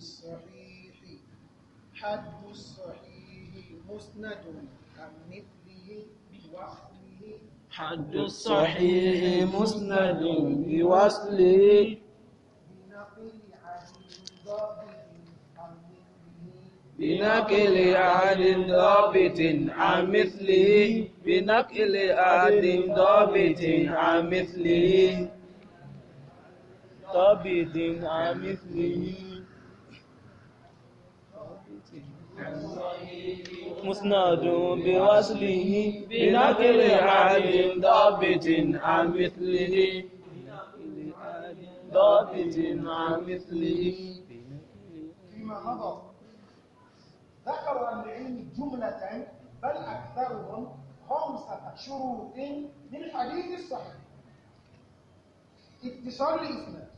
الصحيح حد الصحيح مسند عن مثله بوصله حد الصحيح مسند بوصله بنقل عن ضابط عن مثله بنقل عن ضابط عن مثله بنقل عن ضابط عن مثله ضابط عن مثله مسند بوصله بنقل عالم ضابط عن مثله ضابط عن مثله فيما مضى ذكروا عن العلم جملة بل أكثرهم خمسة شروط من الحديث الصحيح اتصال الإسناد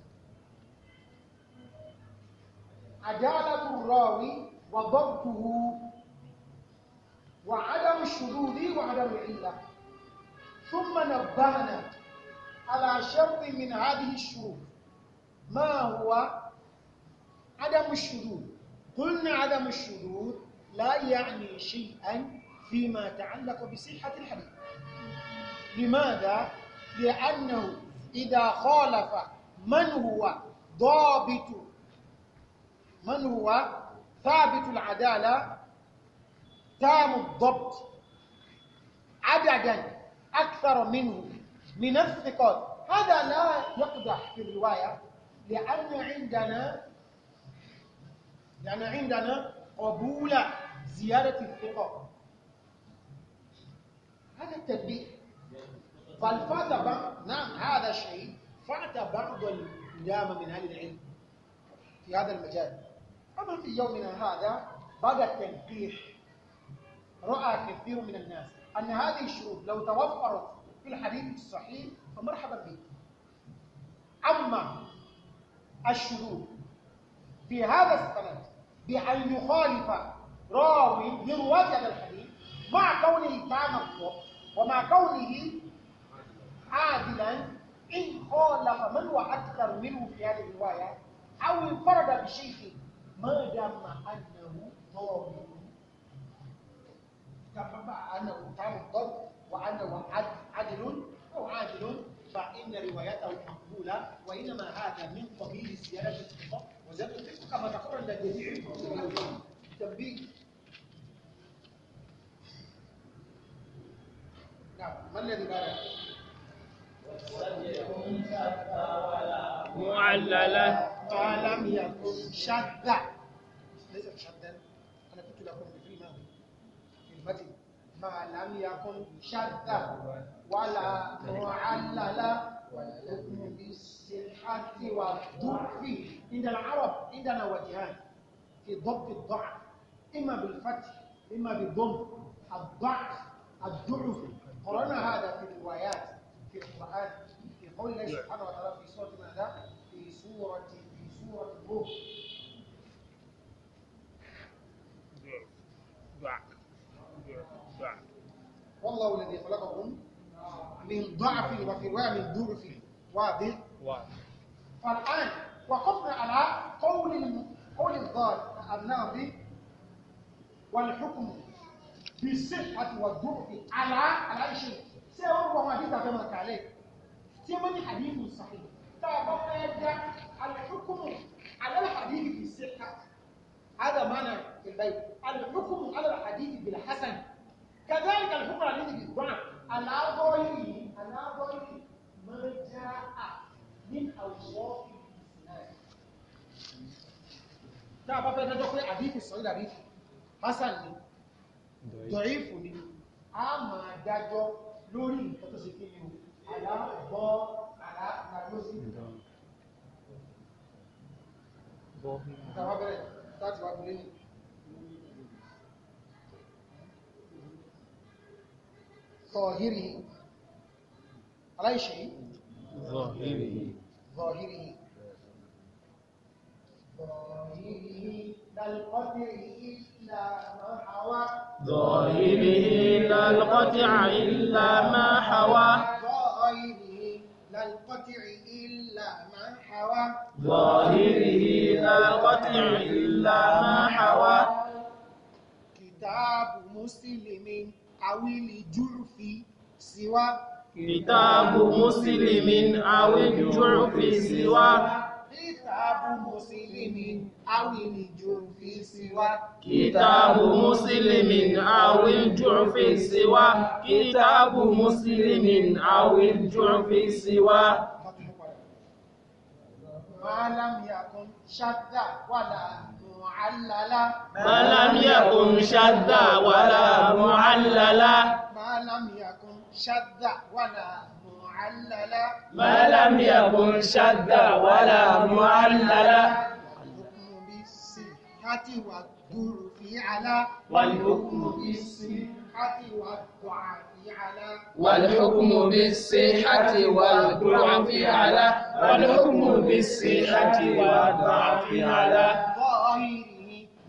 عدالة الراوي وضبطه وعدم الشذوذ وعدم العلة ثم نبهنا على شرط من هذه الشروط ما هو عدم الشذوذ قلنا عدم الشذوذ لا يعني شيئا فيما تعلق بصحة الحديث لماذا؟ لأنه إذا خالف من هو ضابط من هو ثابت العدالة تام الضبط عددا أكثر منه من الثقات هذا لا يقدح في الرواية لأن عندنا لأن عندنا قبول زيادة الثقة هذا التدبير فالفات بعض نعم هذا الشيء فات بعض الإمام من أهل العلم في هذا المجال أما في يومنا هذا بعد التنقيح رأى كثير من الناس أن هذه الشروط لو توفرت في الحديث الصحيح فمرحبا به أما الشروط في هذا السند بأن يخالف راوي من وجد الحديث مع كونه كان الضبط ومع كونه عادلا إن خالف من هو أكثر منه في هذه الرواية أو انفرد بشيء ما دام انه ضابط تبع انه ترضى وانه عدل او عادل فان روايته مقبوله وانما هذا من قبيل زياده الثقه وزياده الثقه كما تقول عند الجميع تنبيه نعم ما الذي بارك معللة ولم يكن شذا ليس شدا انا كنت لكم في الماضي في المتن ما لم يكن شدا ولا معللا والحكم بالصحة والضعف عند العرب عندنا وجهان في ضبط الضعف إما بالفتح إما بالضم الضعف الضعف قرأنا هذا في الروايات في القرآن في قول الله سبحانه وتعالى في سورة ماذا؟ في سورة في سورة الروح والله الذي خلقهم من ضعف وفي رواية من ضعف واضح فالآن وقفنا على قول قول الظاهر الناظر والحكم بالصحة والضعف على على شيء سواء وما في تفهمك عليه تمني حديث صحيح الحكم على الحديث بالصحة هذا معنى البيت الحكم على الحديث بالحسن كذلك الحكم الذي بالبنى على ظاهره على ظاهره ما جاء من أوصاف tá a bá fẹ́ dájọ́ pé àdífì sọ́rí àdífì hasan ni dọ̀ífù ni a máa dájọ́ lórí nǹkan tó sì kí ni o aláàbọ̀ aláàbọ̀sí ظاهره على شيء ظاهره ظاهره ظاهره القطع إلا ما حوى ظاهره القطع إلا ما حوى ظاهره القطع إلا ما حوى ظاهره القطع إلا ما حوى كتاب مسلم awili julfi siwa kitabu muslimin awili julfi siwa kitabu muslimin awili julfi siwa kitabu muslimin awili julfi siwa kitabu muslimin awili julfi siwa. Wàhálà mi àkọ́ ṣáda wà láàrin. معللا ما لم يكن شذا ولا معللا ما لم يكن شذا ولا معللا ما لم يكن شذا ولا معللا والحكم بالصحة في على والحكم بالصحة والدعاء والحكم بالصحة والضعف على والحكم بالصحة والضعف على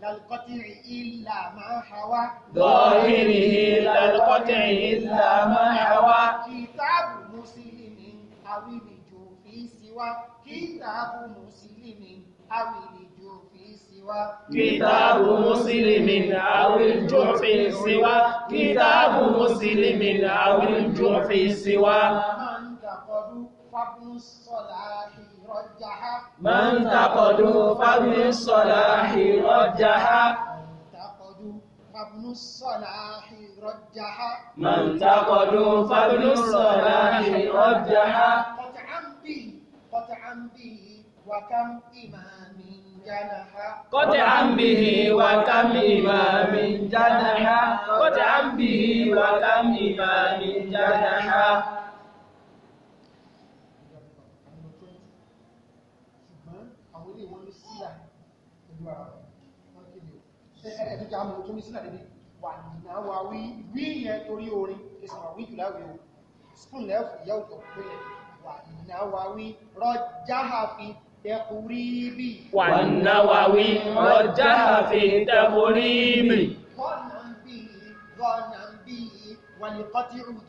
للقطع إلا ما حوى ظاهره للقطع إلا ما حوى كتاب مسلم أو الجوف سوى كتاب مسلم أو الجوف سوى كتاب مسلم أو الجوف سوى كتاب مسلم أو الجوف سوى من تقدوا فابن الصلاح رجها فابن الصلاح رجها من تقدوا فابن الصلاح رجها قطعا به قطعا به وكم إمام جنحا قطعا به وكم إمام جنحا قطعا به وكم إمام جنحا ẹ̀rẹ̀ tó jáàmù tó ní sínà níbi wà náà wà wí wí yẹn torí orin kìsìn wà wí jùlá wí o skún lẹ́fù yẹ́ òjò pé wà náà wà wí rọjáhà fi tẹkùrí bì wà náà wà wí rọjáhà fi tẹkùrí bì gọ́nà ń bì gọ́nà ń bì wà ní kọ́tí rùdù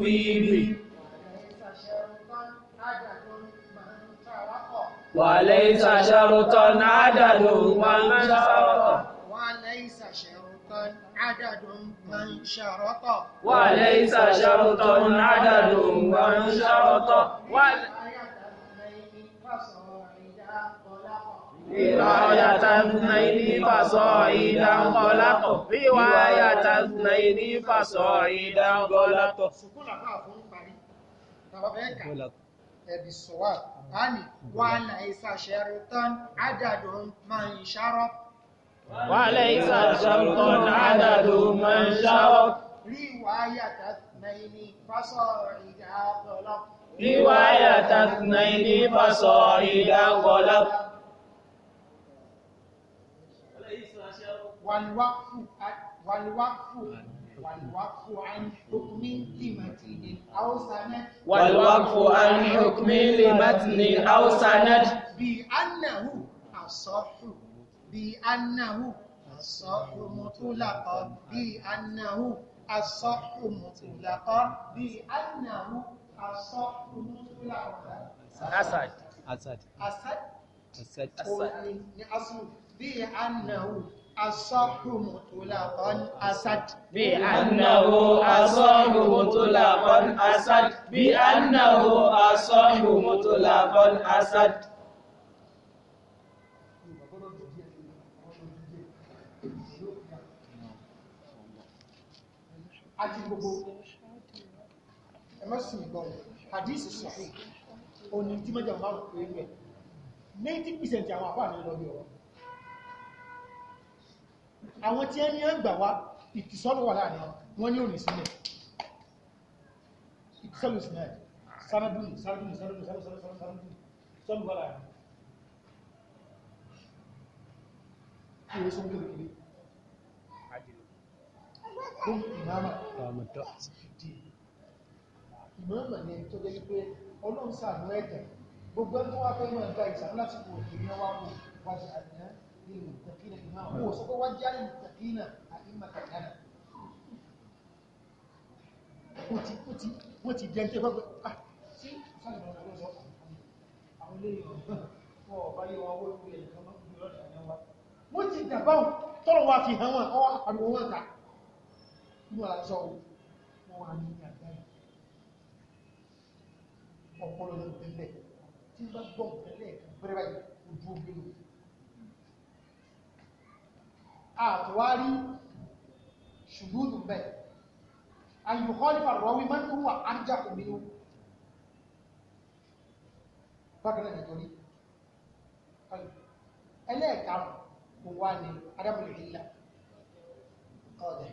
wí bì وليس شرطا عدد من شرط وليس شرطا عدد من شرط وليس شرطا عدد من شرط رواية اثنين فصاعدا غلط رواية اثنين فصاعدا غلط سكون أبا فون باري تبقى بيكا أبي الصواب أني وليس شرطا عدد من شرط وليس شرطا عدد من شرط رواية اثنين فصاعد أغلق رواية اثنين فصاعد أغلق والوقف والوقف والوقف عن حكم لمتين والوقف عن حكم لمتن أو سند بأنه أصح بأنه أصح مطلقا بأنه أصح مطلقا بأنه أصح مطلقا أسد أسد أسد أسد أسد بأنه asahu mutulaqan asad. bí annahu asahu mutulaqan asad. bí annahu asahu mutulaqan asad. àti gbogbo ẹmọ́sìn ìgbọ̀n hadith sahih òní tí mẹ́jọ márùn-ún pé rẹ̀ 90% àwọn àpá ní lọ́bí ọ̀rọ̀ àwọn tí ẹ ní ẹgbà wá ìtìsọ́nù wà láàrin wọn ní òní sílẹ̀ ìtìsọ́nù sílẹ̀ sáradùn sáradùn sáradùn sáradùn sáradùn sọ́nù wà láàrin ìwé sọ́nù kékeré fún ìmáàmà ìmáàmà ni tó jẹ́ pé ọlọ́run sàánú ẹ̀tẹ̀ gbogbo ẹni tó wá fẹ́ mọ̀ ẹ̀ta ìsàmúlásìkò ìrìnàwó wájú àdìyàn للمتقين إماما هو سوف وجه للمتقين أئمة لنا wọ́n ti wọ́n ti jẹ́ gbogbo ah sí sáàrùn ọ̀rọ̀ ọ̀rọ̀ àwọn ilé ìrọ̀ fún ọ̀bá yẹ wọn wọ́n lórí ẹ̀lẹ́kan mọ́ ìrọ̀lẹ̀ àyẹ́wà wọ́n ti dàbáhùn tọ́rọ wa fi hàn wọn ọwọ́ àpàdùn wọn ta inú àṣọ wọn wà ní àgbáyé ọpọlọ lọ bẹ̀lẹ̀ tí bá gbọ́ bẹ̀lẹ̀ àtúwárí ṣùgbúdù bẹ̀ ayùkọ́lífà rọwí mọ́tún wà ájàkù mínú bákanáà nítorí ẹlẹ́ẹ̀kàrùn kò wá ní adábòlè ìlà ọ̀dẹ̀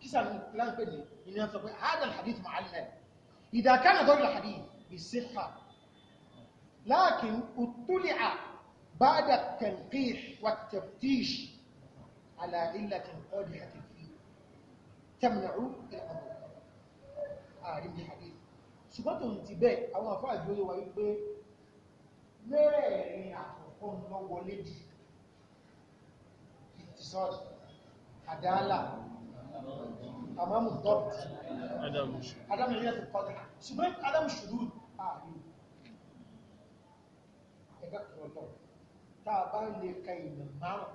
kísà láńpẹ́ ní inú ẹ̀ sọ pé hádà hadith ma'alẹ̀ ìdàkánà dọ́rọ̀ hadith bí sífà láàkín òtúlẹ̀ بعد التلقيح والتفتيش على علة قادحة فيه تمنع الأمر ààrin bí hadith ṣùgbọ́n tó ń ti bẹ́ẹ̀ àwọn àfáà jù ó wà wípé mẹ́rẹ̀ẹ̀rin àkọ́kọ́ lọ wọlé jù ìtìsọ́ọ̀dì àdáálà àmọ́mù dọ́pìtì adamu ilẹ̀ tó kọ́dà ṣùgbọ́n adamu ṣùgbọ́n ààrin ẹgbẹ́ kọ̀ọ̀lọ́wọ́ tá a bá lè ka ìmọ̀ márùn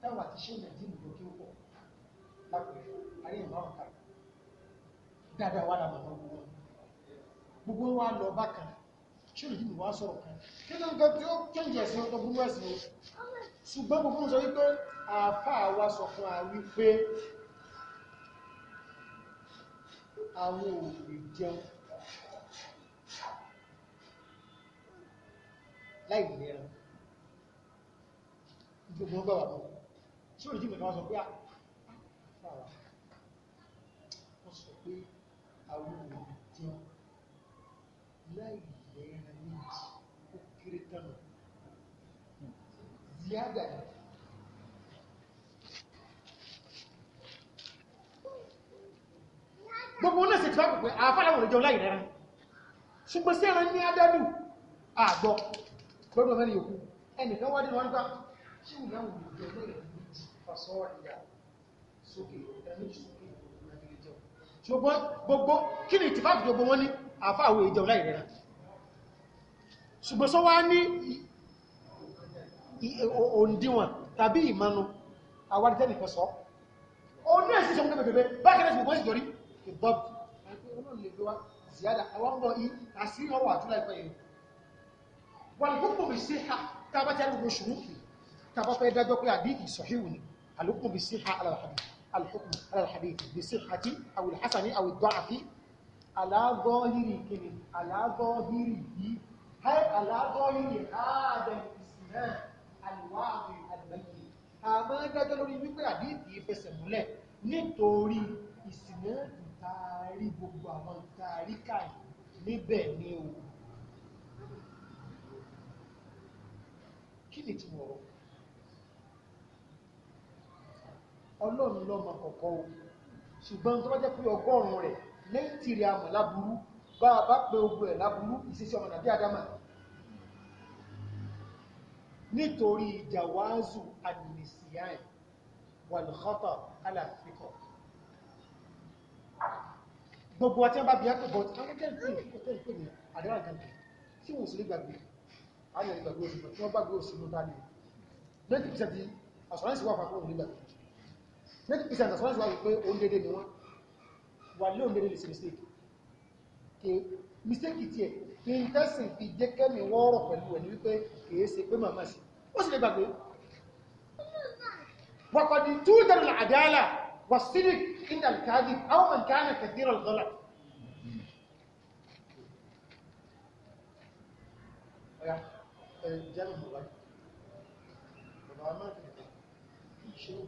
táwọn àti ṣé ìyànjú ìlú kí ó pọ̀ lápẹ̀rẹ̀ àrí ìmọ̀ràn kan dáadáa wà lámà náà gbogbo gbogbo wa lọ bá kan ṣé ìlú ìlú wa sọ̀rọ̀ kan kí ló ń gbé tí ó kẹ́yìn ẹ̀sìn ọkọ̀ burú ẹ̀sìn o ṣùgbọ́n gbogbo sọ wípé àáfàá wa sọ fún wa wípé àwọn òbí jẹun láì lẹ́ran Ah, ah, ah, gbogbo ọgbà wà wá pẹ̀pẹ̀ àfàrà wọn ìjẹun ṣùgbọ́n sí ẹran ní adádù àgbọ̀ gbọ́dọ̀ mẹ́rin yòókù ẹnìkan wá dínú wọn que ṣé ìyàwó ìjọ lẹ́yìn méjì fàṣọ́wà ìyà sókè ìdá méjì sókè ìrìnàjò ìjọ ṣùgbọ́n gbogbo kí ni ìtìfàtì gbogbo wọn ní àfáàwò ìjọ láì rẹ̀ ṣùgbọ́n sọ wá ní òǹdíwọ̀n tàbí ìmanu àwárí wọ́n kúkú bí sí ha tàbátẹ́ gbogbo ṣùgbùn tàbá fẹ́ dájọ́ pé àdíìtì sọ̀híwù ni alùkùn bí sí alùkùn alàlhadith bí sí àti àwùl hasani àwùl dọ́àfi aláàgọ́hìrì kìnnì aláàgọ́hìrì yìí aláàgọ́hìrì ààbẹ̀ ìsìnà alùwàbì àdìbẹ̀yì àmọ́ dájọ́ lórí wípé àdíìtì fẹsẹ̀ múlẹ̀ nítorí ìsìnà ìtaari gbogbo àwọn ìtaari káyì níbẹ̀ ni o kí ni tí mo ọlọ́run lọ́mọ kọ̀kọ́ o ṣùgbọ́n tó bá jẹ́ pé ọgọ́rùn-ún rẹ̀ lẹ́yìn tí rẹ̀ àmọ̀ láburú bá a bá pe ogun ẹ̀ láburú ìṣesí ọmọ nàbí adama nítorí ìjàwáàzù àdìnísíyàn wàlúkọ́tọ̀ aláfikọ̀ gbogbo àti ọba bí ápẹ́ bọ́t àwọn tẹ́lẹ̀ pé ní àdéhà gàmì tí wọ́n sì lè gbàgbé àwọn ìgbàgbé òṣìlú tí wọ́n gbàgbé òṣìlú tánì 90% àṣọ́rẹ́sì wà fàkóhùn nígbàgbé ninety percent assurance wa pé òun dédé ni wọ́n wà lé òun dédé lè ṣe mistake kì mistake tiẹ̀ kì í tẹ́sìn fi jẹ́ kẹ́mi wọ́ọ̀rọ̀ pẹ̀lú ẹ̀ ní wípé kì í ṣe pé màmá sí ó sì lè gbàgbé وقد توجد العدالة والصدق عند الكاذب أو من كان كثير الغلط جنب بابا ما في شيء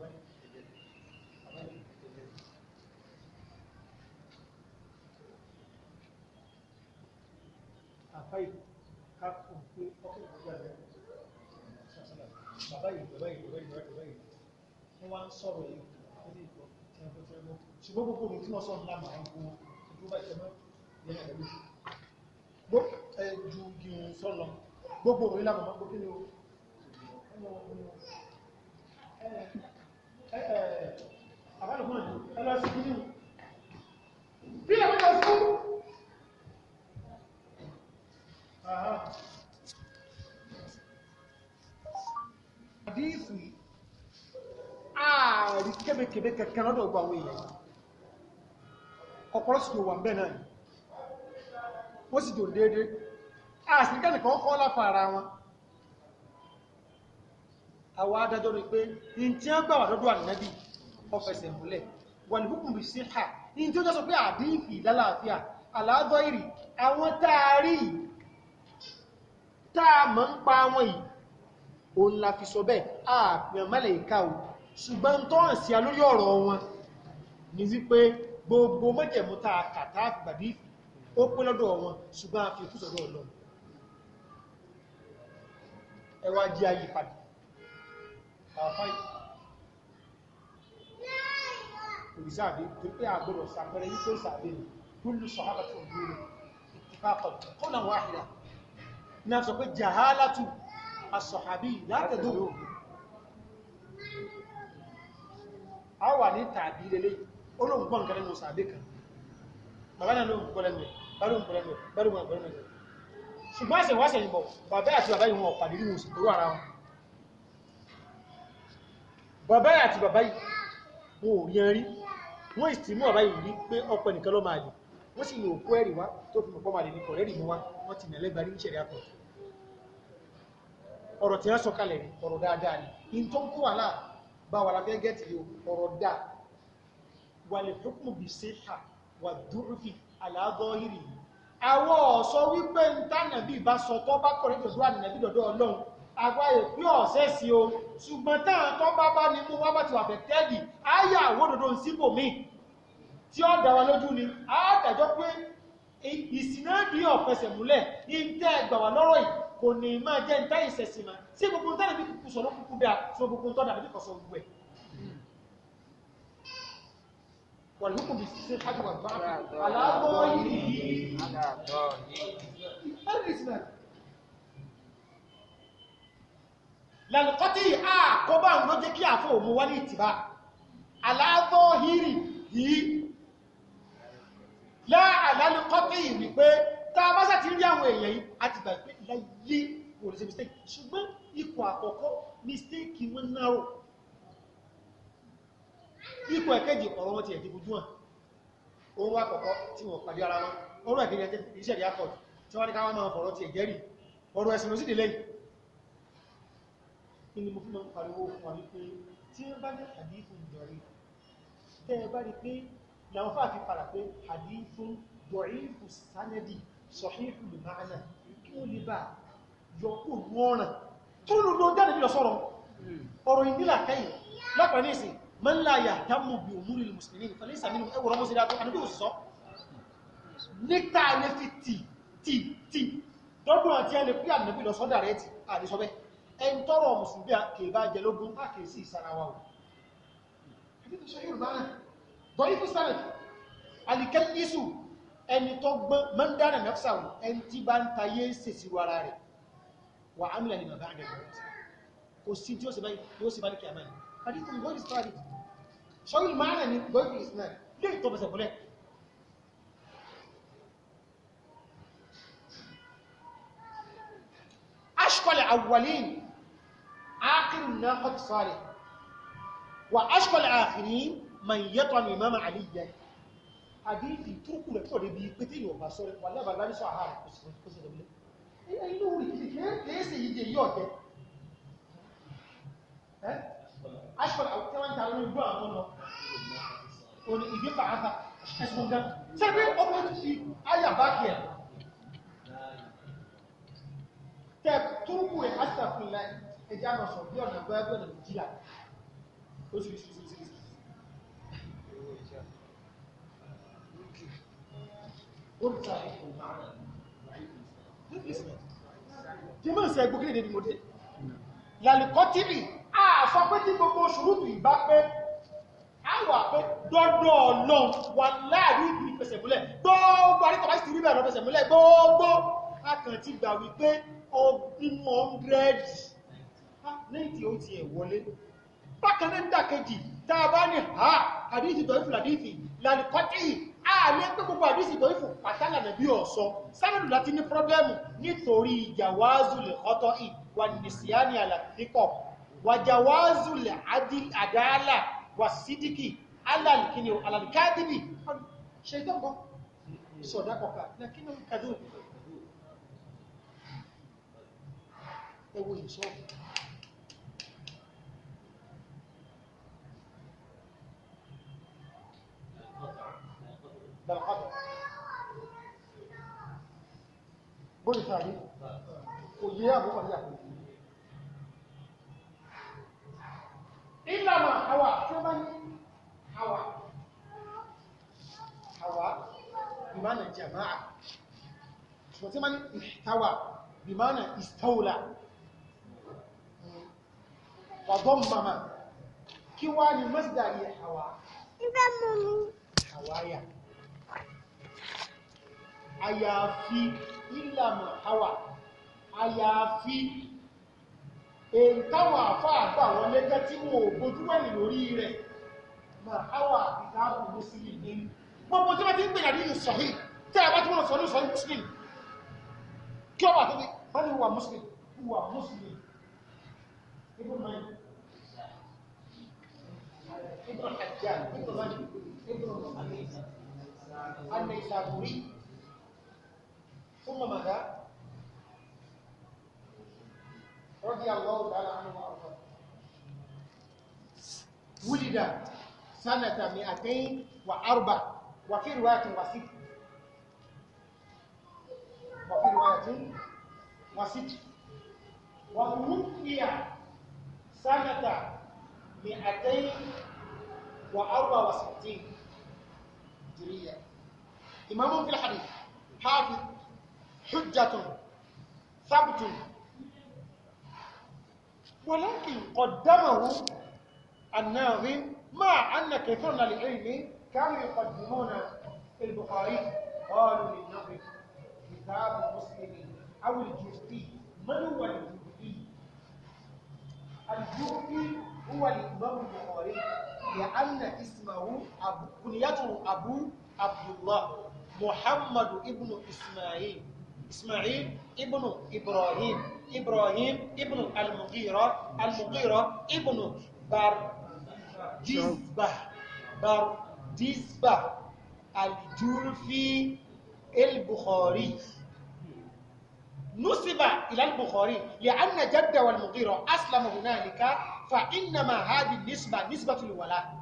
akwai kakon ko ọkọ̀ ìgbà rẹ̀ sàṣàlá bàbá yìí bàbá yìí bàbá yìí bàbá yìí wọ́n wá ń sọ̀rọ̀ yìí wọ́n ní ìgbọ̀ tẹ́lẹ̀kọ́ tẹ́lẹ̀kọ́ ṣùgbọ́n gbogbo mi tí wọ́n sọ ńlá màá gbọ́ ni àbálòpọ̀ kẹkẹ lọ́dọ̀ ọgbà àwọn èèyàn ọ̀pọ̀lọ́ sì tó wà náà wọ́n sì tó déédéé àṣìríkẹ́ nìkan kọ́ láfà ara wọn àwọn adájọ́ rí pé in tí wọ́n gbà wà lọ́dọ̀ ànábì ọfẹsẹ̀ múlẹ̀ wà ní hukum bí sí ha in tí ó jẹ́ sọ pé àdífì lálàáfíà aláàbọ̀ ìrì àwọn táàrí táà mọ́ ń pa wọn yìí òun la fi sọ bẹ́ẹ̀ àpìyàn mẹ́lẹ̀ ìka o ṣùgbọ́n tó hàn sí alórí ọ̀rọ̀ wọn ní wípé gbogbo mọ́jẹ̀mú tá a kà tá a fi a fi kú sọ́dọ̀ ọlọ́run ẹ wá jí ayé padà àfáì òrìṣàdé tó pé àgbọ̀rọ̀ sàpẹrẹ wípé sàdé ni kúlù sọ̀hábà tó ń lò ìtìfàkọ̀ kọ́nà wáhìlá ní a sọ pé jàhálàtù asọ̀hábí látẹ̀dọ̀ a wà ní tàbí lélé olóògbọ́n kan nínú sàdé kan bàbá náà lóògbọ́n pẹ̀lẹ́mẹ̀ bárùn pẹ̀lẹ́mẹ̀ bárùn pẹ̀lẹ́mẹ̀ ṣùgbọ́n àṣẹwàṣẹ̀ bàbá àti bàbá ìwọn ọ̀pàdé nínú òṣèlú ara wọn bàbá àti bàbá yìí wọn ò rí ẹn rí wọn ìsì mú bàbá yìí rí pé ọpọ nìkan ló máa lè wọn sì ní òkú ẹ̀rí wá tó fi mọ̀pọ̀ máa lè ní kọ̀rẹ́rì mú wá wọn ti nẹ̀lẹ́gbà ní ìṣẹ̀rí àpọ̀ ọ̀rọ̀ tí wọ́n sọ kalẹ̀ rí ọ̀rọ̀ dáadáa ni in tó ń kó wà láà bá wà láfẹ́ gẹ́ẹ̀tì yìí ọ̀rọ̀ dáa wà lè fúnkù bí síta wà dúró fi àlàáfọ́ yìí àwọn ọ̀sọ́ wípé ń tánàbí bá sọ tó bá kọ̀rẹ́tì ọ̀dọ́ ànàbí dọ̀dọ̀ ọlọ́run àgbà èpí ọ̀sẹ̀ sí o ṣùgbọ́n táà tó bá bá ní mú wábà ti wà fẹ́ tẹ́ẹ̀dì áyà àwòdòdó ń síbò míì tí ó dá wa lójú ni á dájọ́ pé ìsìnádì ọ̀fẹsẹ̀ múlẹ̀ ìtẹ́ ẹgbà wà lọ́rọ̀ yìí kò ní máa jẹ́ ìta ìṣẹ̀sìn mà sí gbogbo tẹ́lẹ̀ bí kùkù sọ̀rọ̀ kúkú dáa sí ṣáàtì wà bá aláàbọ̀ yìí lalukọ́tí àkóbá ń ló jẹ́ kí àfọ́ òmú wálé ìtìbá aláàbọ̀ hírì yìí láàlálukọ́tí wípé tá a bá sá ti rí àwọn èèyàn yìí a ti láyé wòlò mistake ṣùgbọ́n ikọ̀ àkọ́kọ́ mistake wọn náà ikọ̀ ẹ̀kẹ́jì ọ̀rọ̀ wọn ti ẹ̀dìbò jù hàn òun wá kọ̀kọ́ tí wọ́n pàdé ara wọn ọ̀rọ̀ ẹ̀kẹ́jì iṣẹ́ ìyá kọ̀ tí wọ́n ní ni mo fi máa ń pariwo fún wa wípé tí wọ́n bá ní hadithu dọ̀rí tẹ́ ẹ bá rí pé làwọn fáà fi padà pé hadithu dọ̀rí fù sánẹ́dì sọ̀híhù lè máa nà kí ó lè bá yọkù ní ọ̀ràn tó ló ló jáde bí lọ sọ̀rọ̀ ọ̀rọ̀ ìnílà kẹ́yìn lápẹ̀ ní ìsìn man la yahtamu bi umuri al-muslimin falaysa minhum ẹwọ̀rọ̀ mọ́ ẹn tọrọ mùsùlùmí kèbá jẹ lógún á kèé sí ìsarawa o àdìtò sọyìn rùmánà dọ́yìnbó sáré alikẹ́ yéṣù ẹni tó gbọ́n mọ́ndánà mẹ́fṣà o ẹn tí bá ń ta yé sèṣì wara rẹ̀ wà á mílẹ̀ nínú àbáyé rẹ̀ kò sí عاقر الناقة صالح وأشقى العاقرين من يطعم إمام علي أبي في ترك لتو دي بي بتي نو باسور ولا بالا مش حار بس بس دبل اي اي نو لي كده كان تيس يجي يوتك ها اشبر او كمان تعالوا نقول اقول قول يجي ẹjá máa sọ bí ọ̀nà gbọ́gbẹ́ ọ̀nà méjìlá oṣìṣìṣìṣìṣì jẹ́mọ̀ ìsẹ̀ ẹgbó kílè dédé mọ́dé lalikọ́tìrì a sọ pé tí gbogbo ṣùrùtù ìbá pé a wà pé dọ́dọ̀ ọ̀nà wà láàrin ìlú ìfẹsẹ̀múlẹ̀ gbogbo àríkọ̀wá sí rí bẹ̀rẹ̀ ìfẹsẹ̀múlẹ̀ gbogbo akàn ti gbà wípé ọdún 100 lẹ́yìn tí ó ti ẹ̀ wọlé bákan náà dàkejì tá a bá ní ha àdíṣì tó ìfù làdíṣì làdíkọ́tì ààlé pé gbogbo àdíṣì tó ìfù pàtàlà nàbí ọ̀sọ́ sáàrùn láti ní pọ́blẹ́mù nítorí jàwázùlẹ̀ ọ̀tọ̀ ì wà nìsíáni àlàfíkọ̀ wà jàwázùlẹ̀ àdáàlà wà sídìkì alàlìkíni alàlìkádìbì ṣe ìdọ́gbọ́ sọ̀dákọ̀ká ẹwọ ìṣọ́fù ده القدر بولي ثاني وإياه وإياه إلا ما حواء ثمن حواء حواء بمعنى الجماعة وثمن محتوى بمعنى استولى وضمم كي واني مصدر حواء حوايا àyàfi ìlànà àwà àyàfi èyí táwọn àfáà gbà wọlé jẹ́ tí wọ́n ò bójú wẹ̀yìn lórí rẹ̀ màháwà ìdáàbò mùsùlùmí ní gbogbo tí wọ́n ti ń gbé àdínù sọ̀hí tẹ́ àbá tí wọ́n sọ ní sọ mùsùlùmí kí ọba tó ní wọ́n ni wà mùsùlùmí wà mùsùlùmí ibùn mẹ́rin ibùn àjá ibùn mẹ́rin ibùn àmì àmì ìsàbùrí ثم ماذا رضي الله تعالى عنه وارضاه ولد سنة 204 وفي رواية وست وفي رواية وست وتوفي سنة 264 هجرية إمام في الحديث حافظ حجة ثبت ولكن قدمه الناظم مع أن كثير من العلم كانوا يقدمون البخاري قالوا للناظم كتاب المسلم أو الجوفي من هو الجوفي؟ الجوفي هو الإمام البخاري لأن اسمه أبو كنيته أبو عبد الله محمد ابن إسماعيل إسماعيل ابن إبراهيم إبراهيم ابن المغيرة المغيرة ابن برديزبة برديزبة الجرفي البخاري نسب إلى البخاري لأن جد والمغيرة أسلم هنالك فإنما هذه النسبة نسبة الولاء.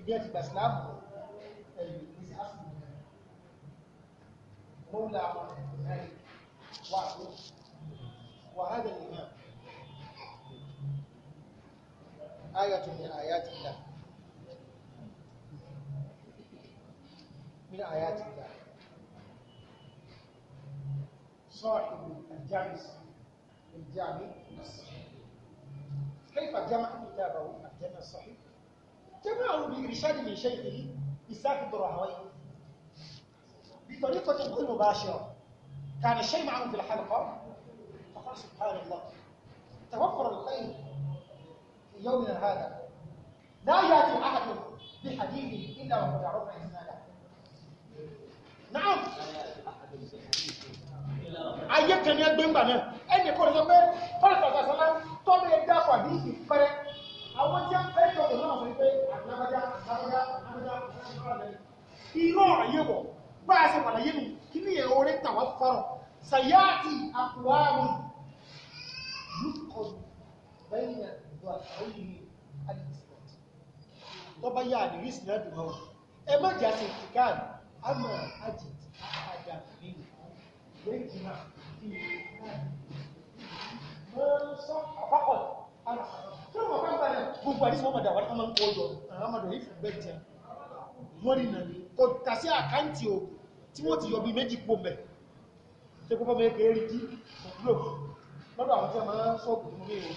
إجازة الإسلام مولى مالك وعبد وهذا الإمام آية من آيات الله من آيات الله صاحب الجامع الجامع الصحيح كيف جمع كتابه الجامع الصحيح؟ جمعه بإرشاد من شيخه إسحاق الرهوي بطريقة غير مباشرة كان الشيء معهم في الحلقة فقال سبحان الله توفر الخير في يومنا هذا لا يأتي أحد بحديث إلا وقد عرف إسناده نعم أي كان أنا بنا أني أنا يوم بقول أنا صلى الله أنا وسلم تومي أنا فدي أنا ayébọ̀. bá a ṣe wà láyé mi kí ni ẹ̀ orí tàwa fọ́rọ̀ sàyáàtì àkùwáàmù yúkọ̀lù bẹ́yìn àdúrà àwọn ìlú alìsìláàtì tó bá yá àdìrí ìsìláàtì mọ́ wọn ẹ má jà sí ìtìkáàd àmà àjì àjà nínú lẹ́yìn náà fi wọ́n sọ àpapọ̀ tí wọ́n bá ń bá rẹ̀ gbogbo àdìsí wọn mọ̀ dà wọ́n á máa ń kó jọ àwọn ọmọdé yìí fún bẹ́ẹ̀ jẹ́ wọ́n rí nàní kò tà sí àkáǹtì òògùn tí wọ́n ti yọ bí méjì pò mẹ́ tí kò fọ́mọ ẹgbẹ̀ẹ́ rí kí lò lọ́dọ̀ àwọn tí a máa sọ́ọ̀gù mú ní ìwọ̀n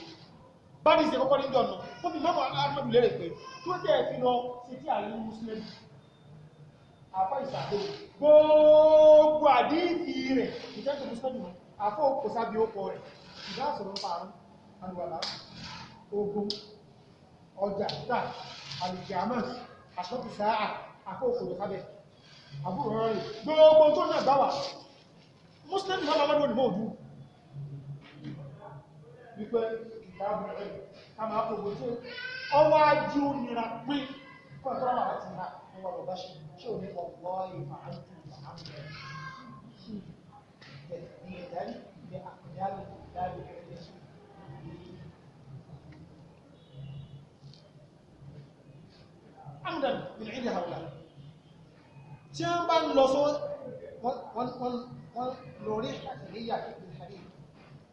bá ní ìṣẹ́ kọ́kọ́ níjọ náà ó fi mọ́mọ́ arábìnrin lérè pé tó tẹ́ fi lọ sí tí àárín muslim àfọ́ ìṣàkó gbogbo àdínkì rẹ̀ ìjẹ́kọ̀ muslim àfọ́ òkò sábì ó kọ àkókò rẹ̀ kábẹ̀ àbúrò rẹ̀ rẹ̀ gbogbo tó náà gbáwà muslim náà lọ́dún ní mọ́ọ̀dú wípé ìdáàbò rẹ̀ ká máa kò gbé tó ọwọ́ ajú nira pín pẹ̀lú àwọn àti ìhà ọwọ́ lọ bá ṣe ṣe ò ní ọ̀pọ̀ ìfà àjù ìfà àjù amdan min ìdí haula tí wọ́n bá ń lọ sọ wọ́n lórí ìyá ìhàrí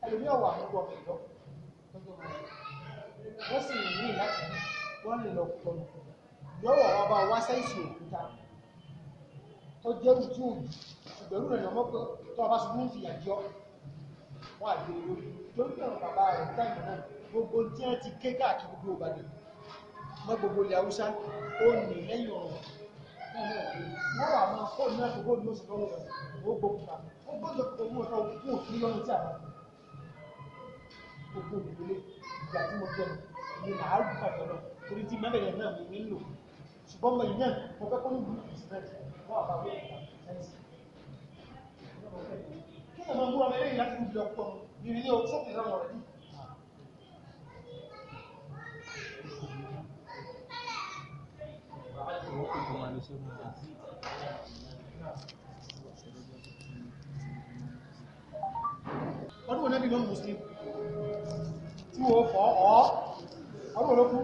ẹlòmí ọ̀wà àmúgbọ̀ ọmọ ìlọ wọ́n sì ní láti wọ́n lè lọ pọ̀lú yọ́wọ̀ wọn bá wá sẹ́yìsì òkúta tó jẹ́ ojú òbí ìgbẹ̀rú rẹ̀ lọ́mọ́ pé tó bá ṣubú ń fi àjọ wọn àjọ olórí lórí ọ̀rọ̀ bàbá rẹ̀ táìmù náà gbogbo tí wọ́n ti ké káàkiri gbogbo òbàdàn mọ́ gbogbo ilẹ̀ haúsá ó nì lẹ́yìn ọ̀rọ̀ wọ́n wà máa kó ní àti owó lóṣù lọ́wọ́ rẹ̀ ó gbógun ta ó gbọ́dọ̀ owó ọ̀tọ̀ òkú òfin lọ́nà tí àwọn gbogbo ìdílé ìgbà tí mo gbẹ̀rù ni màá rú pàtó lọ torí tí mẹ́bẹ̀rẹ̀ náà mi nílò ṣùgbọ́n mo náà mo fẹ́ kó ní group business wọ́n àbáwé ẹ̀ka kí ni mo mú ọmọ eléyìí láti ọdún olóbi ló mú sí tí ó fọ́ ọ́ ọdún olókú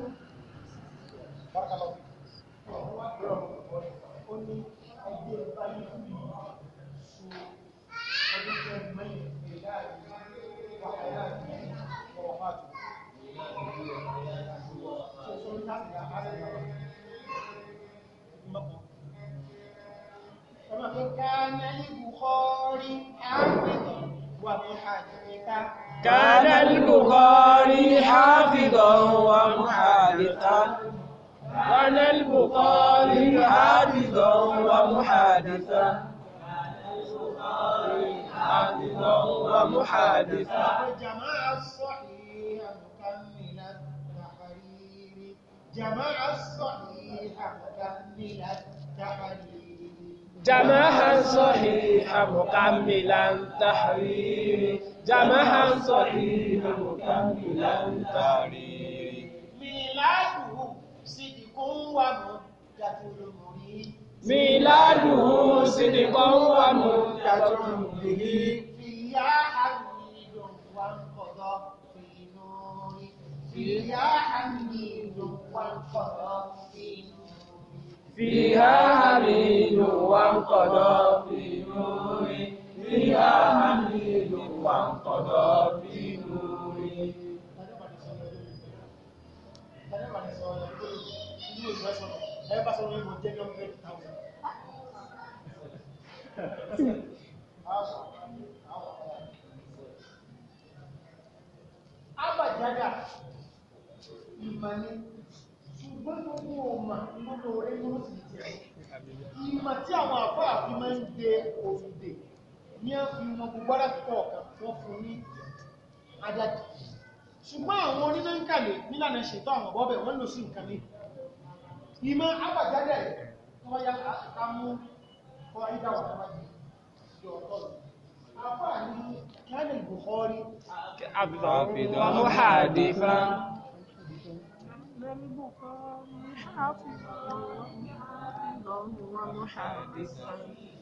مكملا تحريري جمعا صحيحا مكملا تحريري ميلاده صدق ومدة المريد ميلاده صدق ومدة المريد فيا حميد وانقضى في نور فيا حميد وانقضى في نور فيها حميد وانقضى في نور فيها حميد وانقضى في نور Abajada ìmọ̀ni ṣùgbọ́n gbogbo ọmọ gbogbo orí mú sí ìjẹ́. Ìmọ̀ tí àwọn àfáà fi máa ń de òfìdè ní a fi wọn gbogbo ara fi kọ̀ọ̀kan wọ́n fún ní adájú ṣùgbọ́n àwọn oníná ń kàlẹ̀ nílànà ṣètò àwọn ọ̀bọ̀bẹ̀ wọ́n lò sí nǹkan ní ìmọ̀ àbàjáde ẹ̀ wọ́n yá ká mú kọ́ ìdá wà lábàjá yọ ọ̀tọ̀ àfáà ní kánà ìbùkọ́rí àbìbàmú hàdìfà Thank you.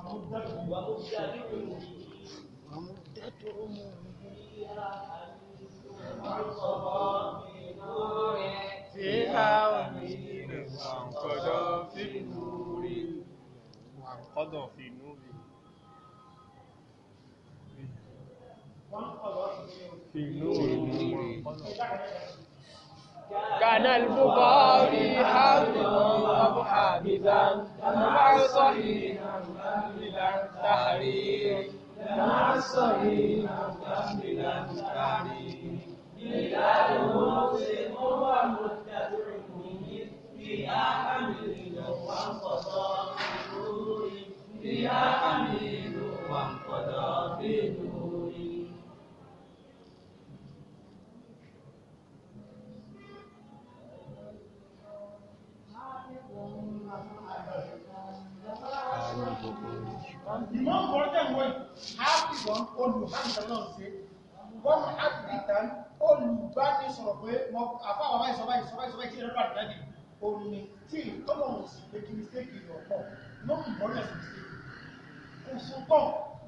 Wàhùn dàdú wàhùn dàdú. في نور كان البخاري حافظا أبو حافظا مع الصحيح مكملا تحرير مع الصحيح مكملا تحرير بلاده مسلم ومتبع فيها حميد وانقضى في نور فيها حميد وانقضى في نور ìmọ̀ ń bọ̀ tẹ̀ wọ́n hápì wọn olùhàbìtà náà ṣe wọ́n hápìtà olùbánisọ̀rọ̀ pé àfáwà báyìí sọ báyìí sọ báyìí sọ báyìí tí ẹ̀rọ bá dàbí òní tí ìtọ́lọ̀hún sì pé kí mistake ìlú ọ̀pọ̀ ló ń bọ̀ lẹ̀ sí mistake kò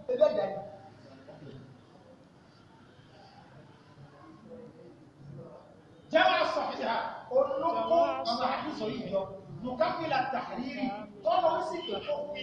fún tán ẹgbẹ́ ìdájọ́ jẹ́wọ́n sọ̀fíà olóko àwọn àdúsọ yìí lọ nùkápìlà tàhírì tọ́lọ́ sì tó fi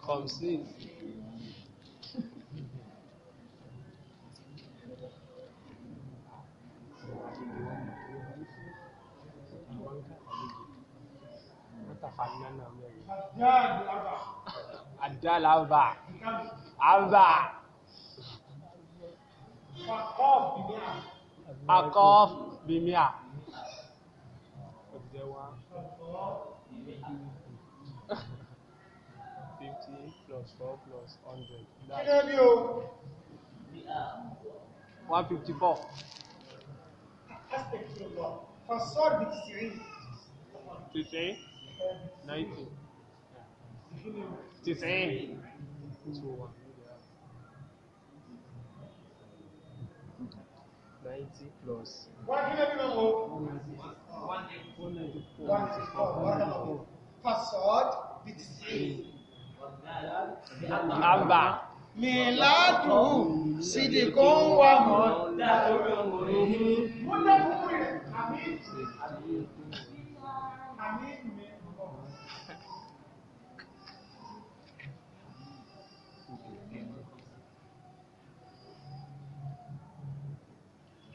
خمسين الدال أربع أربع أقاف بمئة four plus hundred. kílẹ̀ ni o. one fifty four. fasọ́ọ̀ bí ti rí. tìsín náìtì tìsín ninety plus. wọ́n kílẹ̀ ni o. one ninety four. one ninety four. fasọ́ọ̀ bí ti rí àbà mìládù sídìkó ń wà mọ́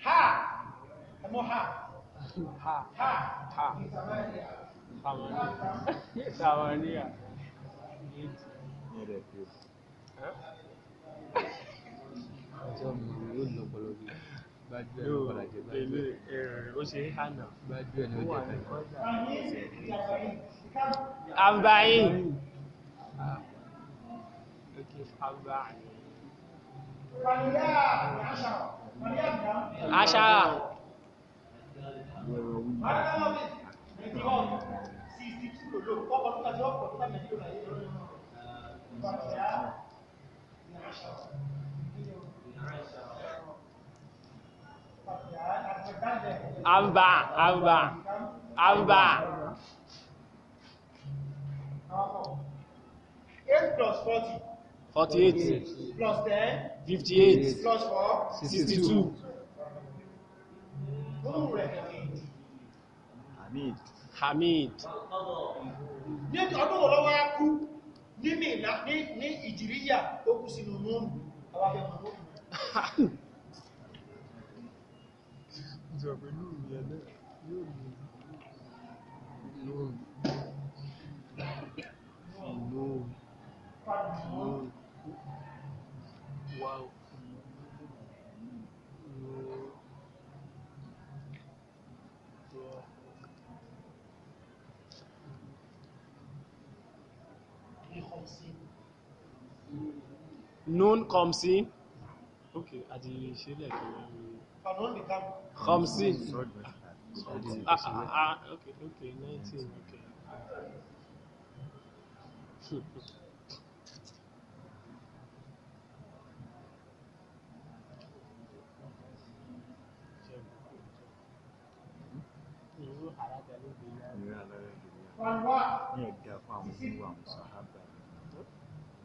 Ha! Mo ha! Ha! Ha! Ha! Samania. Samania. أربعين عشرة عشرة أربع أربع أربع 8 plus 40 48 plus 10 58 plus 4 62 Hamid Hamid ní ọdún wo lọ́wọ́ á kú ní mìíràn ní ìjìríyà ó kú sínú lóòrùn àwàfẹ́ ọmọ lóòrùn Wow. Noon see. Okay, àti ṣe lẹ́ẹ̀kan. Khamsin. Ah, ah, ah, okay, okay, Nineteen. okay. Ní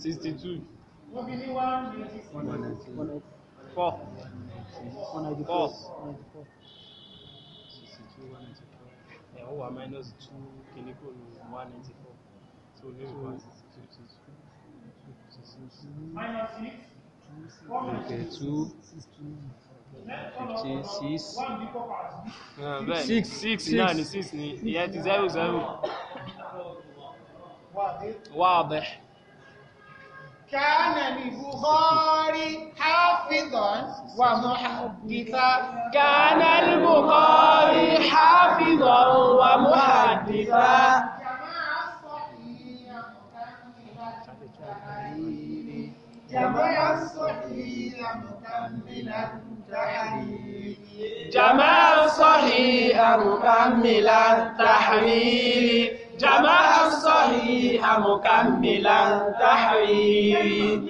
sixty two. wọ́n bí ní one ninety four. one ninety four. sixty two one ninety four. ẹ̀ ó wà minus two kìíní kò ní one ninety four. so ní ìwà sixty two. minus six. Okay, two, Six. six. Ah, six. six six náà ni six ni ìyẹn ti zero zero. Wà á bẹ́ẹ̀. كان البخاري حافظا ومحدثا كان البخاري حافظا ومحدثا جمع الصحيح مكملا تحريم جمع الصحيح مكملا تحريم جمع الصحيح مكملا تحرير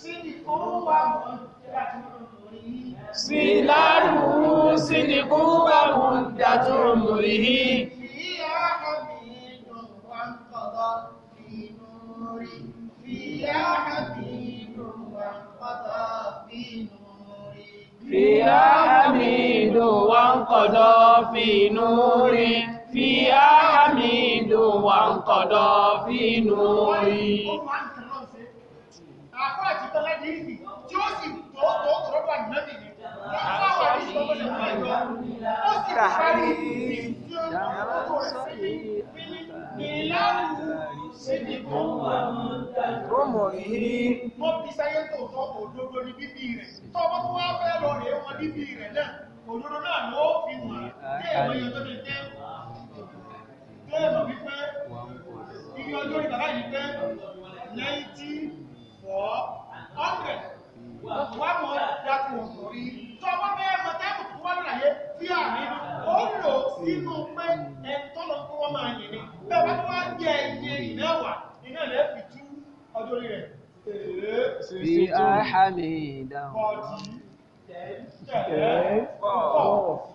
سلال صدق ومدة عمره فيها حميد وانقضى في نور فيها حميد وانقضى في نور فيها حميد وانقضى في نور fi áhámi dùn wà ń kọ̀dọ̀ fi inú yìí. Àkọ́ àti Tọ́lá di ìlú tí ó sì tó tó tọ́lọ́dọ̀ àdínábì ni. Wọ́n bá wà ní ìṣòro ṣe fún ẹ̀yọ́. Ó sì parí ìrìn tí ó ń kọ́ sí ìlànà ìṣèdìbò wà mọ́ dáadáa. Mo fi sáyé tó tọ́ òdodo ní bíbí rẹ̀. Tọ́wọ́ tó wá fẹ́ lọ rèé wọn bíbí rẹ̀ náà. Òdodo náà ló fi wà. Bí ẹ̀rọ yọjọ́ tó jẹ́ tẹ́ẹ̀mọ̀ wípé iye ọjọ́ ìbàbá four hundred wà mọ̀ dàpọ̀ òkùnrin tọ́wọ́ bẹ́ẹ̀ mọ tẹ́ẹ̀mù tó wà lóláyé tí àárín ó lò sínú pé ẹ̀tọ́ lọ pé wọ́n máa yìn ní bẹ́ẹ̀ bá wá jẹ iye ìnáwà iná ilẹ̀ fi tú ọjọ́ orí rẹ̀. Bí a hàmì ìdáhùn. Forty, ten, ten, four.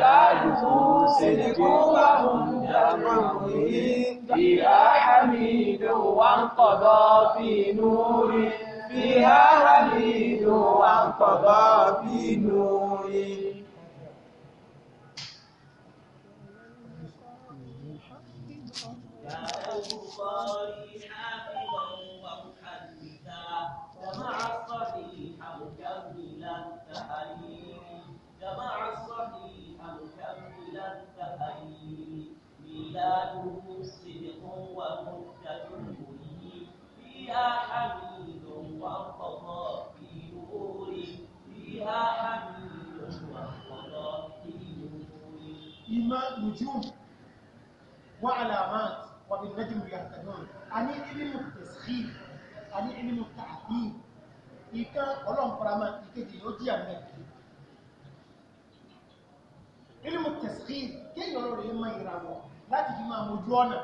جداله صدق جمعه فيها حميد وانقضى في نور فيها حميد وانقضى في نور يا الله نجوم وعلامات وبالنجم يهتدون أني علم التسخير أني علم التعقيد ìkan ọlọ́run farama ìkejì yóò jí àmì ẹ̀kẹ́ ilmu tẹ̀síkìí kéèyàn lọ rèé máa ìràwọ̀ láti fi máa mojú ọ̀nà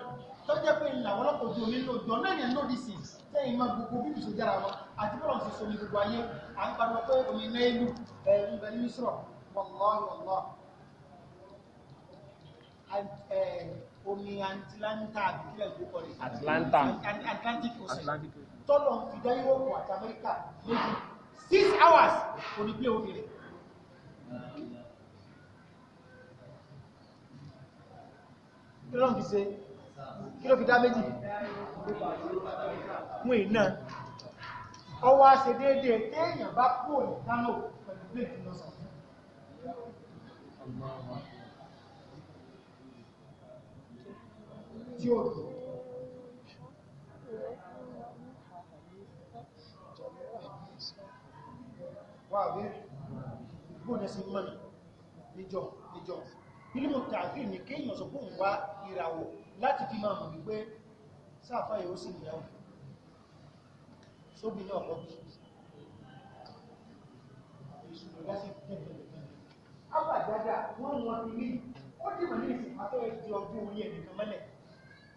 tó jẹ́ pé ńlá ọlọ́pọ̀ ojú omi lòjọ náà yẹn lòdì sí sẹ́yìn máa gbogbo bí ìṣòjá ara wọn àti bọ́lọ̀ ṣe so ní gbogbo ayé à ń pariwo pé omi náà ìlú ẹ̀ ń bẹ ní mísírọ̀ wọ́n lọ́ọ́ Eh, omi Atlanta àbíkílẹ̀ tó kọ̀ rẹ̀ Atlanta Atlantic Ocean tọ́lọ̀ ń fi dá Yúróòpù àti Amẹ́ríkà méjì six hours onígbé omi rẹ̀ kí ló ń fi ṣe kí ló fi dá méjì mú iná ọwọ́ àṣẹ déédé téèyàn bá kúrò ní Kánò pẹ̀lú ilé ìtúnlọ́sàn tí ò ní. wà á bẹ́ẹ̀ gbọ́nà sí mọ́nà níjọ́ níjọ́ bílímọ̀ tààfí ní kéèyàn sọ fún wá ìràwọ̀ láti fi máa mọ̀ wípé sáàfá yóò sì níyàwó sóbi ní ọ̀pọ̀ bí ìṣòro lásì kẹ́kẹ̀ẹ́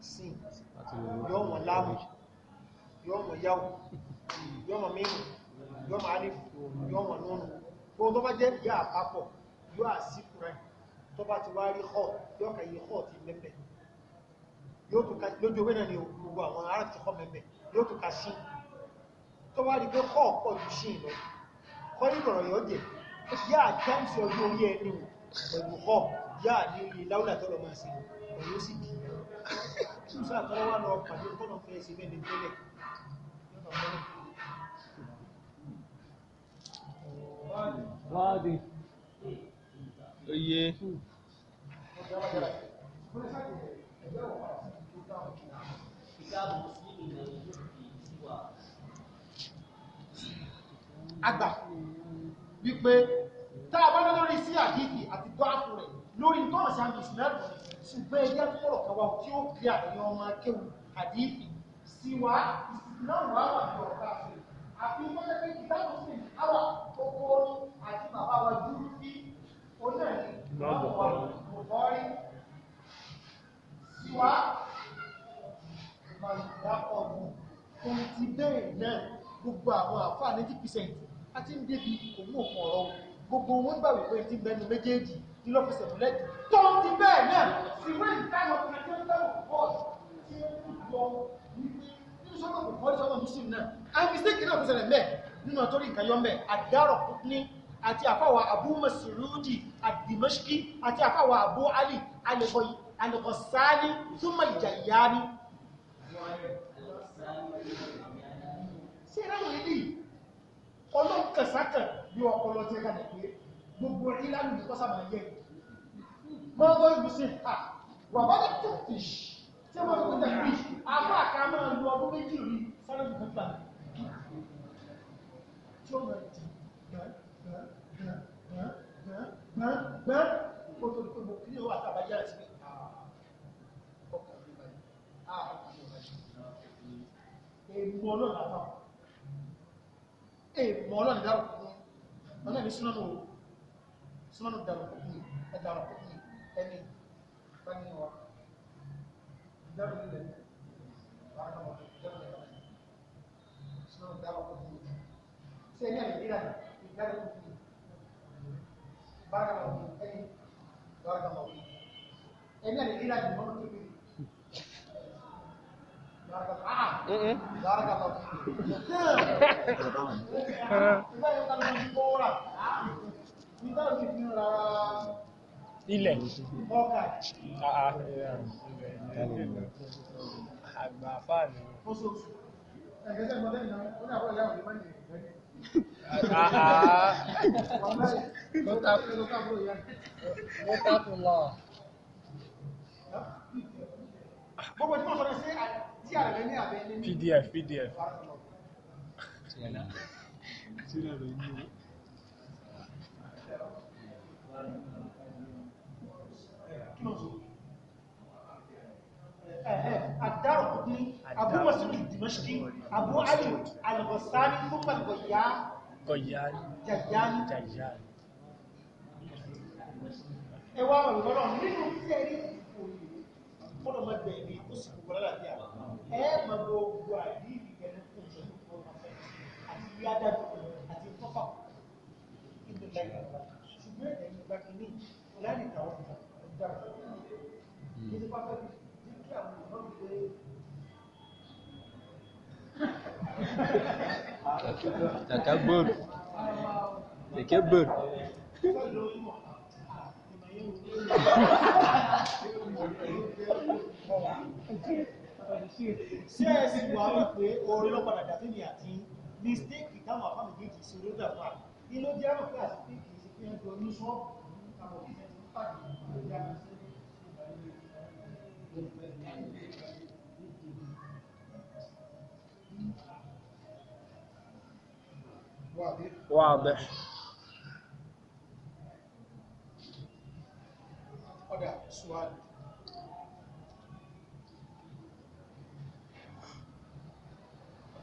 sin sin yóò mọ̀ láàmù yóò mọ̀ yáwù yóò mọ̀ mímù yóò mọ̀ alif yóò mọ̀ nínú gbogbo tó bá jẹ́ ìyá àpapọ̀ yóò àsìkò rẹ̀ tó bá ti wá rí họ yóò kà yí họ ti mẹ́mẹ́ lójú owó ni gbogbo àwọn ará yá ní orí láúlà tọ́lọ máa sí ọ̀rọ̀ ó sì kí ṣúṣà tọ́lọ wà lọ pàdé tọ́lọ fẹ́ sí mẹ́rin tẹ́lẹ̀ Oye. Àgbà wípé táà bá lọ́lọ́rí sí àdíkì àti tó rẹ̀ lórí tọ́nà sí àmì ìsìnlẹ́rù ṣùgbọ́n ẹgbẹ́ púpọ̀rọ̀ kọwà tí ó kí àríyàn ọmọ akéwù àdífì sí wá ìsìnlẹ́rù wà wà ní ọ̀ká àfẹ́ àfi wọ́n lẹ́gbẹ́ ìdájọ́ sí àwà oko orin àti bàbá wa dúró bí onáàrin lọ́wọ́ wa bọ̀bọ́rí sí wá ìmọ̀lùdápọ̀mù tó ti bẹ́ẹ̀ náà gbogbo àwọn àfáà 90% àti ń débi òun òkun ọ̀rọ̀ gbogbo wọn gbà wípé tí bẹnu méjèèjì tí lọ fẹsẹ̀ múlẹ̀ tó ti bẹ́ẹ̀ náà sí wé ìtàlọ tí ó tẹ́wọ̀ pọ̀ tí ó ń yọ wípé nínú sọ́nà kò kọ́ sọ́nà muslim náà a fi sí ìkìlọ̀ fẹsẹ̀ rẹ̀ mẹ́ nínú àtọ́rí nǹkan yọ mẹ́ àdárọ̀ ní àti àfáwà abu masirudi àdìmọ́ṣíkí àti àfáwà abu ali alẹ́kọ̀sáni túnmọ̀ ìjàyáni sí ìráwọ̀ ilé ọlọ́kàsákàn bí ọpọlọ tí ẹka nìké gbogbo ìlànà ìjọba sábà yẹ mọ́tọ́ ìbùsẹ̀ ha wà bá dẹ̀ tẹ̀ fìṣ tí wọ́n kó tẹ̀ fìṣ àwọn àká máa lu ọdún méjì rí sáré bùkú gbà tí ó rẹ̀ tì gbẹ́ kó tó dùkú mọ̀ kí ni ó wà tàbáyé àti ọkọ̀ ìbáyé èèmọ̀ ọlọ́run àtàwọn èèmọ̀ ọlọ́run dáwọ̀ ọ̀nà ní súnmọ́nù súnmọ́nù dàrọ̀kùnrin ẹ̀dàrọ̀kùnrin ẹni báyíwá ìdáròlẹ̀ súnmọ́nù dàrọ̀kùnrin tí ẹni àìríra ìdáròkùnrin báyíwá ẹni báyíwá ẹni àìríra ìmọ́nù tó bí ilẹ̀ àgbà àfáà ni Gbogbo tí wọ́n sọ rẹ̀ sí pdf pdf الدار قطني أبو مسعود الدمشقي أبو علي الغساني ثم الغيان غيان جيان جيان ẹ wá ọ̀rọ̀ lọ́rọ̀ nínú tí ẹ rí òyìnbó gbọ́dọ̀ mọ́ gbẹ̀mí ó sì kúkú lọ́dà bí i ẹ mọ gbogbo àdí ìgbẹ́nu kò jẹ́ gbogbo ọmọ fẹ́ àti ilé adájọ́ àti tọ́fà ìdílé ìgbàgbà ṣùgbọ́n ẹ̀dẹ̀ ìgbà kìíní láì tàwọn ìgbà ìgbà kí ní Thank you ṣé ẹ sì wà wípé orin lọ́padà dàbílì àti mistake táwọn àfáàmì méjì sí orí dàgbà ní ló jẹ́ àrùn pé àti pé kìí ṣe pé ẹjọ́ ní ṣọ́ọ̀bù àwọn òṣìṣẹ́ ti ń pàdé lórí àmì sí واضح واضح سؤال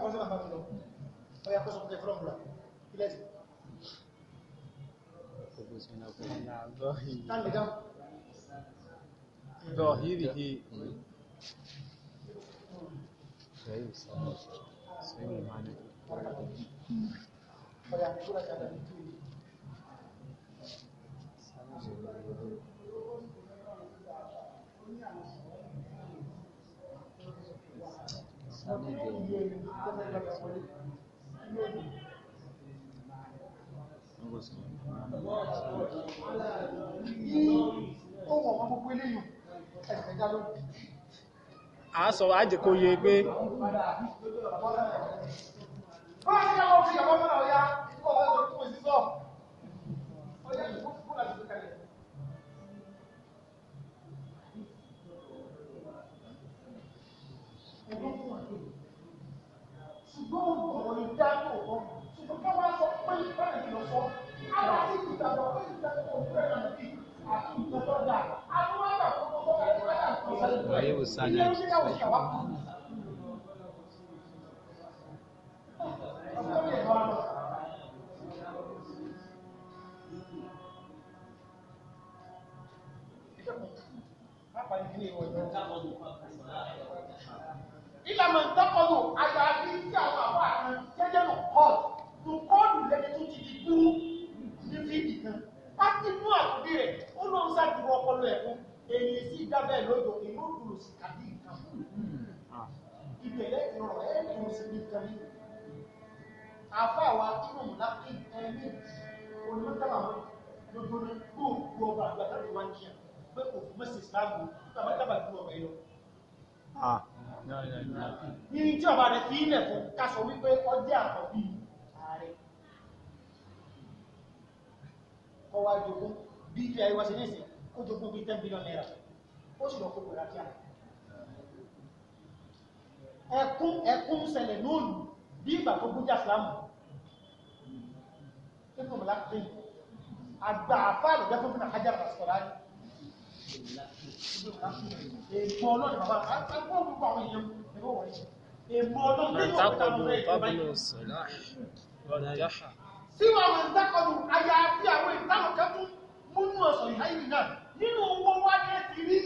ظاهره سعيد سعيد المعنى ويحكي لك على a sọ ajẹ́ kó yẹ pé Thank you yóò dùn ní dáàbò kan ṣùgbọ́n ká wá sọ pé báyìí lọ sọ àwọn àti ìgbàgbọ́ pé ìgbàgbọ́ òwúrọ̀ náà ti àti ìgbàgbọ́ dà àwọn àgbà kan tó tọ́ka ẹgbẹ́ náà tó sẹ́yìn ilé oṣù yà oṣù àwọn Thank you àmọ̀ ìtọ́kọ̀lù àyàfi tí àwọn àbá àná jẹ́jẹ́ nù kọ́ọ̀t nù kọ́ọ̀lù lẹ́ni tó ti di kú ní fíìdì kan láti mú àkùdí rẹ̀ ó ló ń ṣàdúró ọpọlọ ẹ̀ fún èyí sí dábẹ́ lójó èyí ó dùn sí kàbí nǹkan ìbẹ̀lẹ̀ ìrọ̀ ẹ̀ dùn sí nǹkan ní àfa àwa inú mùlákì ẹni onímọ̀tàmà lójó ní gbogbo ọba àgbàdo ìwà ń jẹ pé òfin mẹ́sì sáàbù tàbátàbà ju ọ̀rẹ́ lọ. Ah ní tí ọba rẹ̀ fi ilẹ̀ fún kásọ wípé ọjẹ́ àkọ́bí ààrẹ kọwa jogún bí ilẹ̀ ayé wáṣẹ nísìn ó jogún bí 10 billion naira ó sì lọ kó pẹ̀lú àti ààrẹ ẹkún ẹkún ṣẹlẹ̀ lóòlù bí ìgbà tó gún jàsìlámù ẹkùn mọ̀lá pé àgbà àfáà lè jẹ́ fún fún àkájà àsìkò láàrín èèmọ̀ ọlọ́run bàbá àgbọ̀ gbogbo àwọn èèyàn ẹ̀rọ wọ̀nyí èèmọ̀ ọlọ́run bí yóò kọ́ta lọ́wọ́ ẹ̀kọ́ sí wọn àwọn ìdákọ̀lù aya àti àwọn ìdáhùn kẹ́kù múnú ọ̀sán ìháyì náà nínú owó wá ní ẹ̀tì rí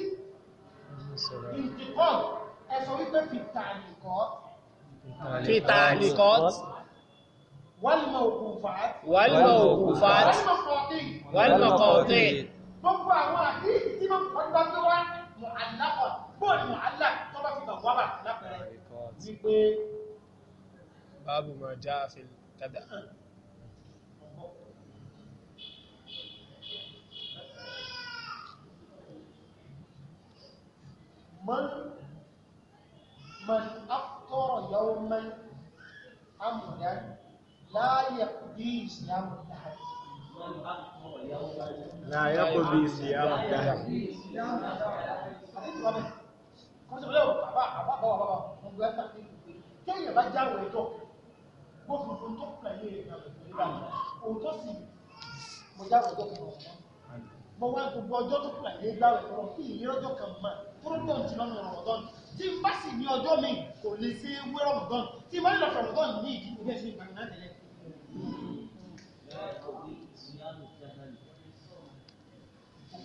ìdìkọ́ ẹ̀sọ̀ wípé fìtàlìkọ́ wálìmọ̀ òkùnfà wálìmọ̀ òkùnfà wálìmọ̀ kọ̀ọ̀tì gbogbo àwọn àdíìsì tí wọn tó wá mọ̀ àlápọ̀ bóò mọ̀ àlá tó bá fi bàbá bà lápẹ̀rẹ̀ ní pé. báàbù máa já àfi kàdà. من من أفطر يوما أمرا لا يقضي صيام الأحد لا يقضي صيام الدهر kéèyàn bá jáwé ẹjọ́ bó funfun tó kàyé ìgbàlódé òótọ́ sí mo jáwé ẹjọ́ kan mo wá gbogbo ọjọ́ tó kàyé ìgbàlódé ọ̀rọ̀ kí ìyẹ́rọ́jọ́ kan mà fúrúdọ̀ ti lọ́nà ọ̀rọ̀dọ́n tí n bá sì ní ọjọ́ mi kò lè ṣe é wé ọ̀rọ̀dọ́n tí n bá lè lọ fọ̀rọ̀dọ́n ní ìdí ìgbésí ìgbàlódé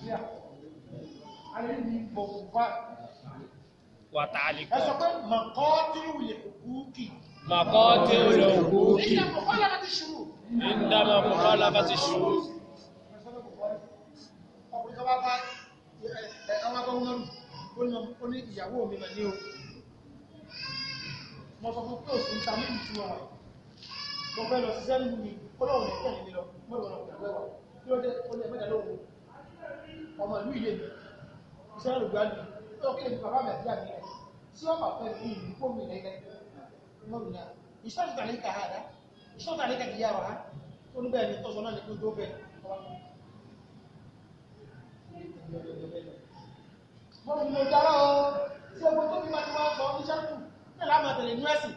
Nàìjíríà ayé ní gbogbo wà tààlì kan. ẹsọ pé màkọ́ tí ó lè kú kì. màkọ́ tí ó lè kú kì. ìdámọ̀ kọ́ lára ti ṣòro. ìdámọ̀ ti ṣòro. ọkùnrin kan bá bá àwọn abọ́ wọn lù ó ní ìyàwó mi mà ní o. mo sọ fún pé òsì ń ta mí ìtura wọn. mo lọ ṣiṣẹ́ nínú mi kó lọ́wọ́ sẹ́rù gbádùn tó kí lèmi bàbá mi àti àmì rẹ̀ sí ọmọ fẹ́ fi ìlú kó mi lẹ́lẹ́ mọ́mìnà ìṣọ́jú tàlẹ́ kà á dá ìṣọ́jú tàlẹ́ kà kìyà wá ó ní bẹ́ẹ̀ ni tọ́sọ náà ní kó tó bẹ́ẹ̀ mọ́mìnà dára o tí ọmọ tó bí máa wá sọ ní sẹ́kù náà láàmà tẹ̀lé nú ẹ̀sìn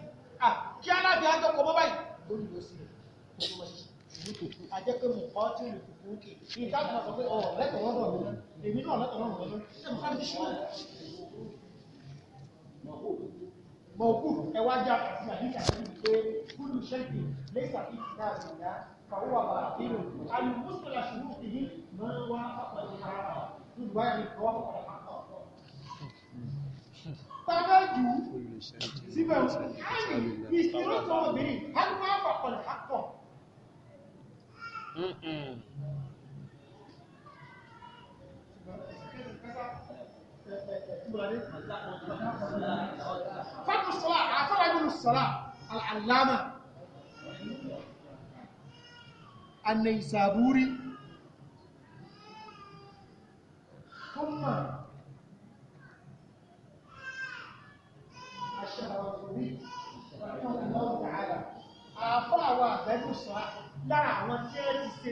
à kí aláàbí á jọ kọ bọ́ báyìí lórí lọ sí ẹ̀ kòkó ajẹ́pẹ́ mọ̀ kọ́ tí olè kòkó òkè ní ìtàkùn náà sọ pé ọ̀ lẹ́tọ̀ lọ́rọ̀ lọ́rọ̀ èmi náà lẹ́tọ̀ lọ́rọ̀ lọ́rọ̀ ṣe mọ̀ káàdì ṣúrù mọ̀kú ẹwà já àti àdíkà sí pé kúrú ṣẹ́kì lẹ́sà fi ti dáa sí ìyá kàwọ́ àbá àfihàn alùmọ́sọ̀lá ṣùgbọ́n fi yí máa ń wá pápá ní ara olùwà ní kọ́wọ́ pàpàdà pápá ọ̀pọ̀ tàbá jù síbẹ̀ ìṣòro tó obìnrin hàn wá pápá ní pápá فرق الصلاة فرق بين الصلاة العلامة النيسابوري ثم الشهر رحمه الله تعالى أفاوى بين الصلاة lára àwọn tí ẹ ti ṣe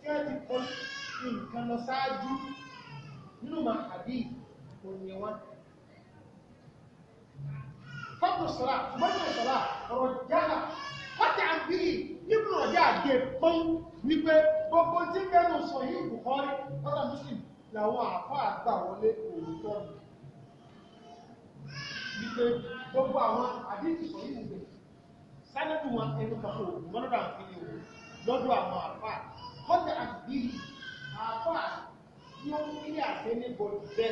tí ẹ ti kọ́ nǹkan lọ sáájú nínú màkàbí òní wọn fọ́pù sọ́lá mọ́tò sọ́lá ọ̀rọ̀ jáà pátá bí ibùn ọ̀já àgbẹ̀ pọ́n wípé gbogbo tí bẹ́nu sọ yìí Bukhari lọ́dọ̀ muslim làwọn àfá àgbà wọlé òótọ́ wípé gbogbo àwọn àdíjì sọ yìí wùgbẹ̀ sánẹ́bù wọn ẹnu kàkó ògùn mọ́lọ́dà àfihàn òun lọ́dọ̀ àwọn àfà kọ́tà àbí àfà tí ó kí àṣẹ ní bọ̀dẹ̀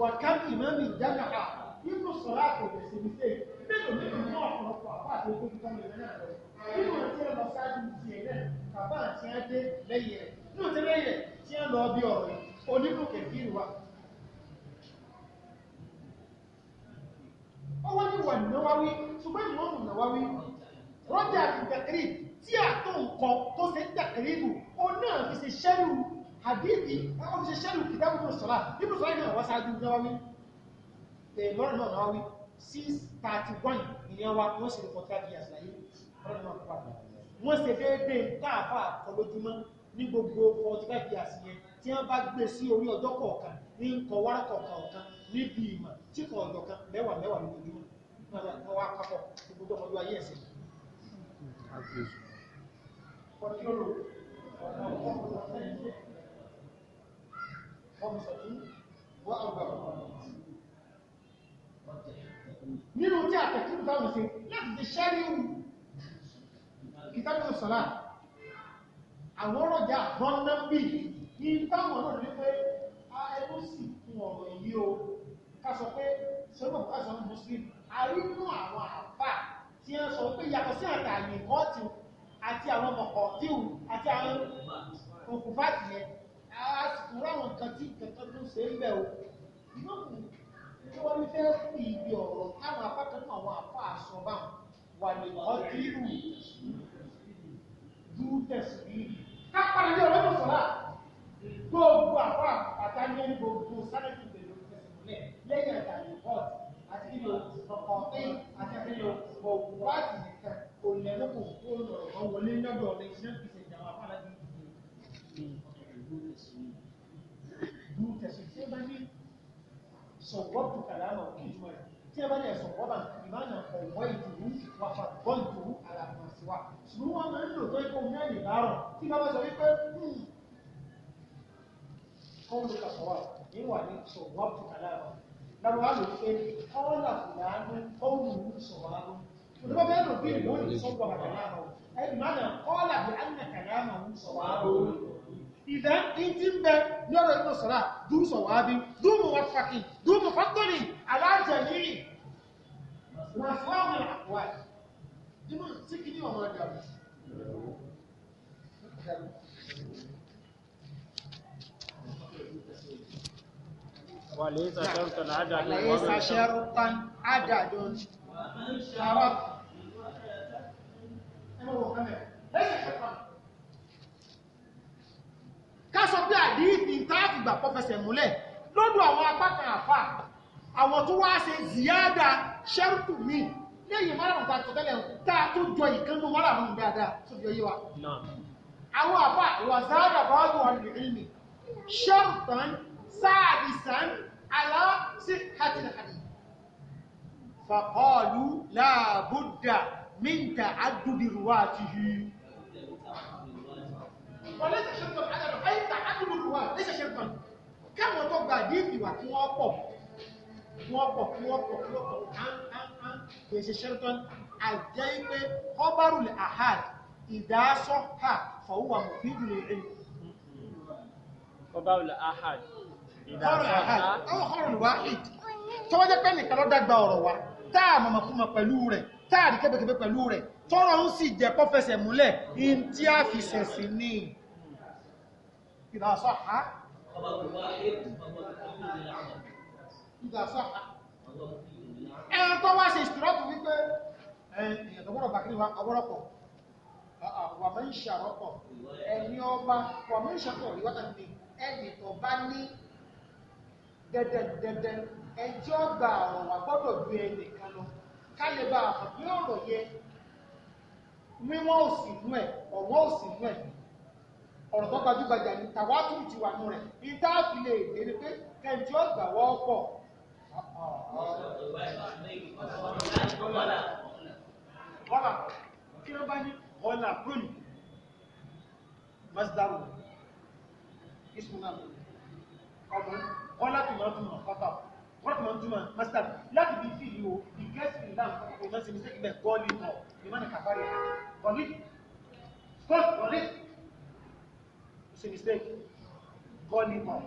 wà káàkì ìmọ̀mí ìjákàá nínú sọ̀rọ̀ àkọ̀dẹ̀ sí ní sẹ́yìn mélòó mélòó ní ọ̀pọ̀lọpọ̀ àfà tó kó tó kọ́mọ ìrẹ́nà lọ nínú tí ẹ lọ sáájú ti ẹ̀ náà bàbá àti adé lẹ́yìn rẹ̀ nínú tí lẹ́yìn tí ẹ lọ bí ọ̀rọ̀ oníbùkẹ̀ bí ìwà ọwọ́ ní wà náwáwí ṣùgbọ́n ìmọ̀mù náwáwí rọ́jà ìtẹ̀kìrì tí àtò nǹkan tó ṣe ń tẹ̀kìrì ìlú ó náà fi ṣe ṣẹ́lù àdíìdì ó fi ṣe ṣẹ́lù kìtàbù tó sọ́lá nínú sọ́lá náà wọ́n ṣáájú náwáwí lọ́rọ̀ náà náwáwí 631 ìyẹn wa wọ́n sì rìpọ̀ 30 years láyé lọ́rọ̀ náà kọ́ àgbà wọ́n ṣe déédéé káàfà kọlójúmọ́ ní gbogbo 45 years yẹn tí wọ́n bá gbé sí orí ọjọ́ kọ̀ọ̀kan ní nǹkan wárọ̀ kọ̀ọ̀kan níbi ìmọ̀ tí kọ̀ọ̀dọ̀ kan mẹ́wàá mẹ́wàá lójoojúmọ́ wọ́n wá papọ̀ gbogbo ọmọdé ayé ẹ̀sìn nínú tí àtẹ̀kí ìtàwọn sí láti fi ṣẹ́rí ohun ìtàwọn sọ̀lá àwọn ọ̀rọ̀jà bọ́nàmbì ní ìtàwọn náà ní pé ẹgbó sì fún ọ̀rọ̀ yìí o ká sọ pé sọ́gbọ̀n ká sọ muslim a rí mú àwọn àfáà tí wọ́n sọ pé yàtọ̀ sí àtàlẹ̀ kọ́ọ̀tì àti àwọn ọmọkọ̀ tí ò àti àwọn òkùnfàtì yẹn a sì tún ráwọn nǹkan tí ìkẹtọ́ tó ṣe ń bẹ̀ o yóò tí wọ́n fẹ́ fi ibi ọ̀rọ̀ táwọn apákan náà àwọn àpá àṣọ bá wà ní ọtí ìlú ju tẹ̀sí rí kápára ní ọ̀rọ̀ mọ̀sọ̀lá gbogbo àpá àtàlẹ́ gbogbo sáré tó bẹ̀rẹ̀ lẹ́yìn àtàlẹ̀ kọ́ọ̀tì àti lílo ọkàn pé àti àtẹ́lò ọ̀wọ́ àti nìkan kò lẹ̀ lóko kó lọ̀rọ̀ kan wọlé lọ́dọ̀ ọ̀rẹ́ iṣẹ́ ìpèsè ìjàmbá fún aláàbí ìlú tẹ̀sí tí ó bá ní sọ̀wọ́ tó kàlá lọ kí ìjọ rẹ̀ tí a bá lẹ̀ sọ̀wọ́ bá ìmáàna ọ̀wọ́ ìdùnnú wà fà gbọ́n ìdùnnú àlàmọ̀ sí wa ṣùgbọ́n wọn máa ń lò tó ikú náà lè bárọ̀ tí bá bá sọ wípé kọ́ńdù kàṣọwà ní wà ní sọ̀wọ́ tó kàlá lọ Carvalho, ele olha fulano, ou no solano. Roberto Pinho, onde sou para calama. Aí, mano, olha bi anna kalama um sawabo. Idan in tin bẹ lọ́rọ̀ inú Do dú sọ̀wábí, dú mú wọ́n fàkì, dú mú fàtọ́lì, alájẹ̀lì, màfọ́mù àpọ̀wà. Dínú sí kí ní ọmọ ọjọ́ وليس شرطا عدد وليس شرطا عدد شرط ká sọ pé àdíìtì táàkì gbà pọ́fẹsẹ̀ múlẹ̀ lọ́dọ̀ àwọn apákan àfà àwọn tó wá ṣe ziyada ṣẹ́rùtù mi lẹ́yìn márùn-ún ta tó tẹ́lẹ̀ táà tó jọ ìkánú márùn-ún dáadáa tó fi àwọn àfà wà záàdà bọ́ọ̀dù على صحة الحديث فقالوا لا بد من تعدد رواته وليس شرطا عدد أي تعدد الرواة ليس شرطا كم وتبقى ديك وكي وقف وقف وقف وقف عن عن عن ليس شرطا الجيب خبر الأحد إذا صح فهو مفيد للعلم خبر الأحد ọ̀rọ̀ wáhid tó wájẹ́ pé nìkan ló dàgbà ọ̀rọ̀ wa táà mọ̀mọ̀ fún mọ̀ pẹ̀lú rẹ̀ táà rí kẹ́bẹ̀kẹ́bẹ̀ pẹ̀lú rẹ̀ tọ́rọ̀ ń sì jẹ́ pọ́fẹsẹ̀ múlẹ̀ in tí a fi sẹ̀sì ní ìdásọ́ ha ẹ̀rùn tó wá ṣe ìsìtìrọ́pù wípé ẹ̀yìn tó gbọ́dọ̀ bàkírí wa ọwọ́rọ̀pọ̀ wà mọ́ ń ṣàrọ́pọ̀ ẹni ọba wà mọ́ ń ṣàrọ́pọ̀ ìwọ́ta dẹ̀dẹ̀dẹ̀dẹ̀ ẹjọ́ gba ọ̀rọ̀ wà gbọ́dọ̀ ju ẹnìkan lọ ká lè bá àfọ̀ bí ọ̀rọ̀ yẹ wíwọ́n ò sì nú ni pé ọgbà wọ́n láti máa túnmọ̀ pátá wọ́n láti máa túnmọ̀ master láti bí fìlì o ìgẹ́sì ìlà ọ̀nà sí mistake bẹ̀ gọ́ọ̀lì náà ni wọ́n ni kàfàrí gọ́ọ̀lì first gọ́ọ̀lì sí mistake gọ́ọ̀lì náà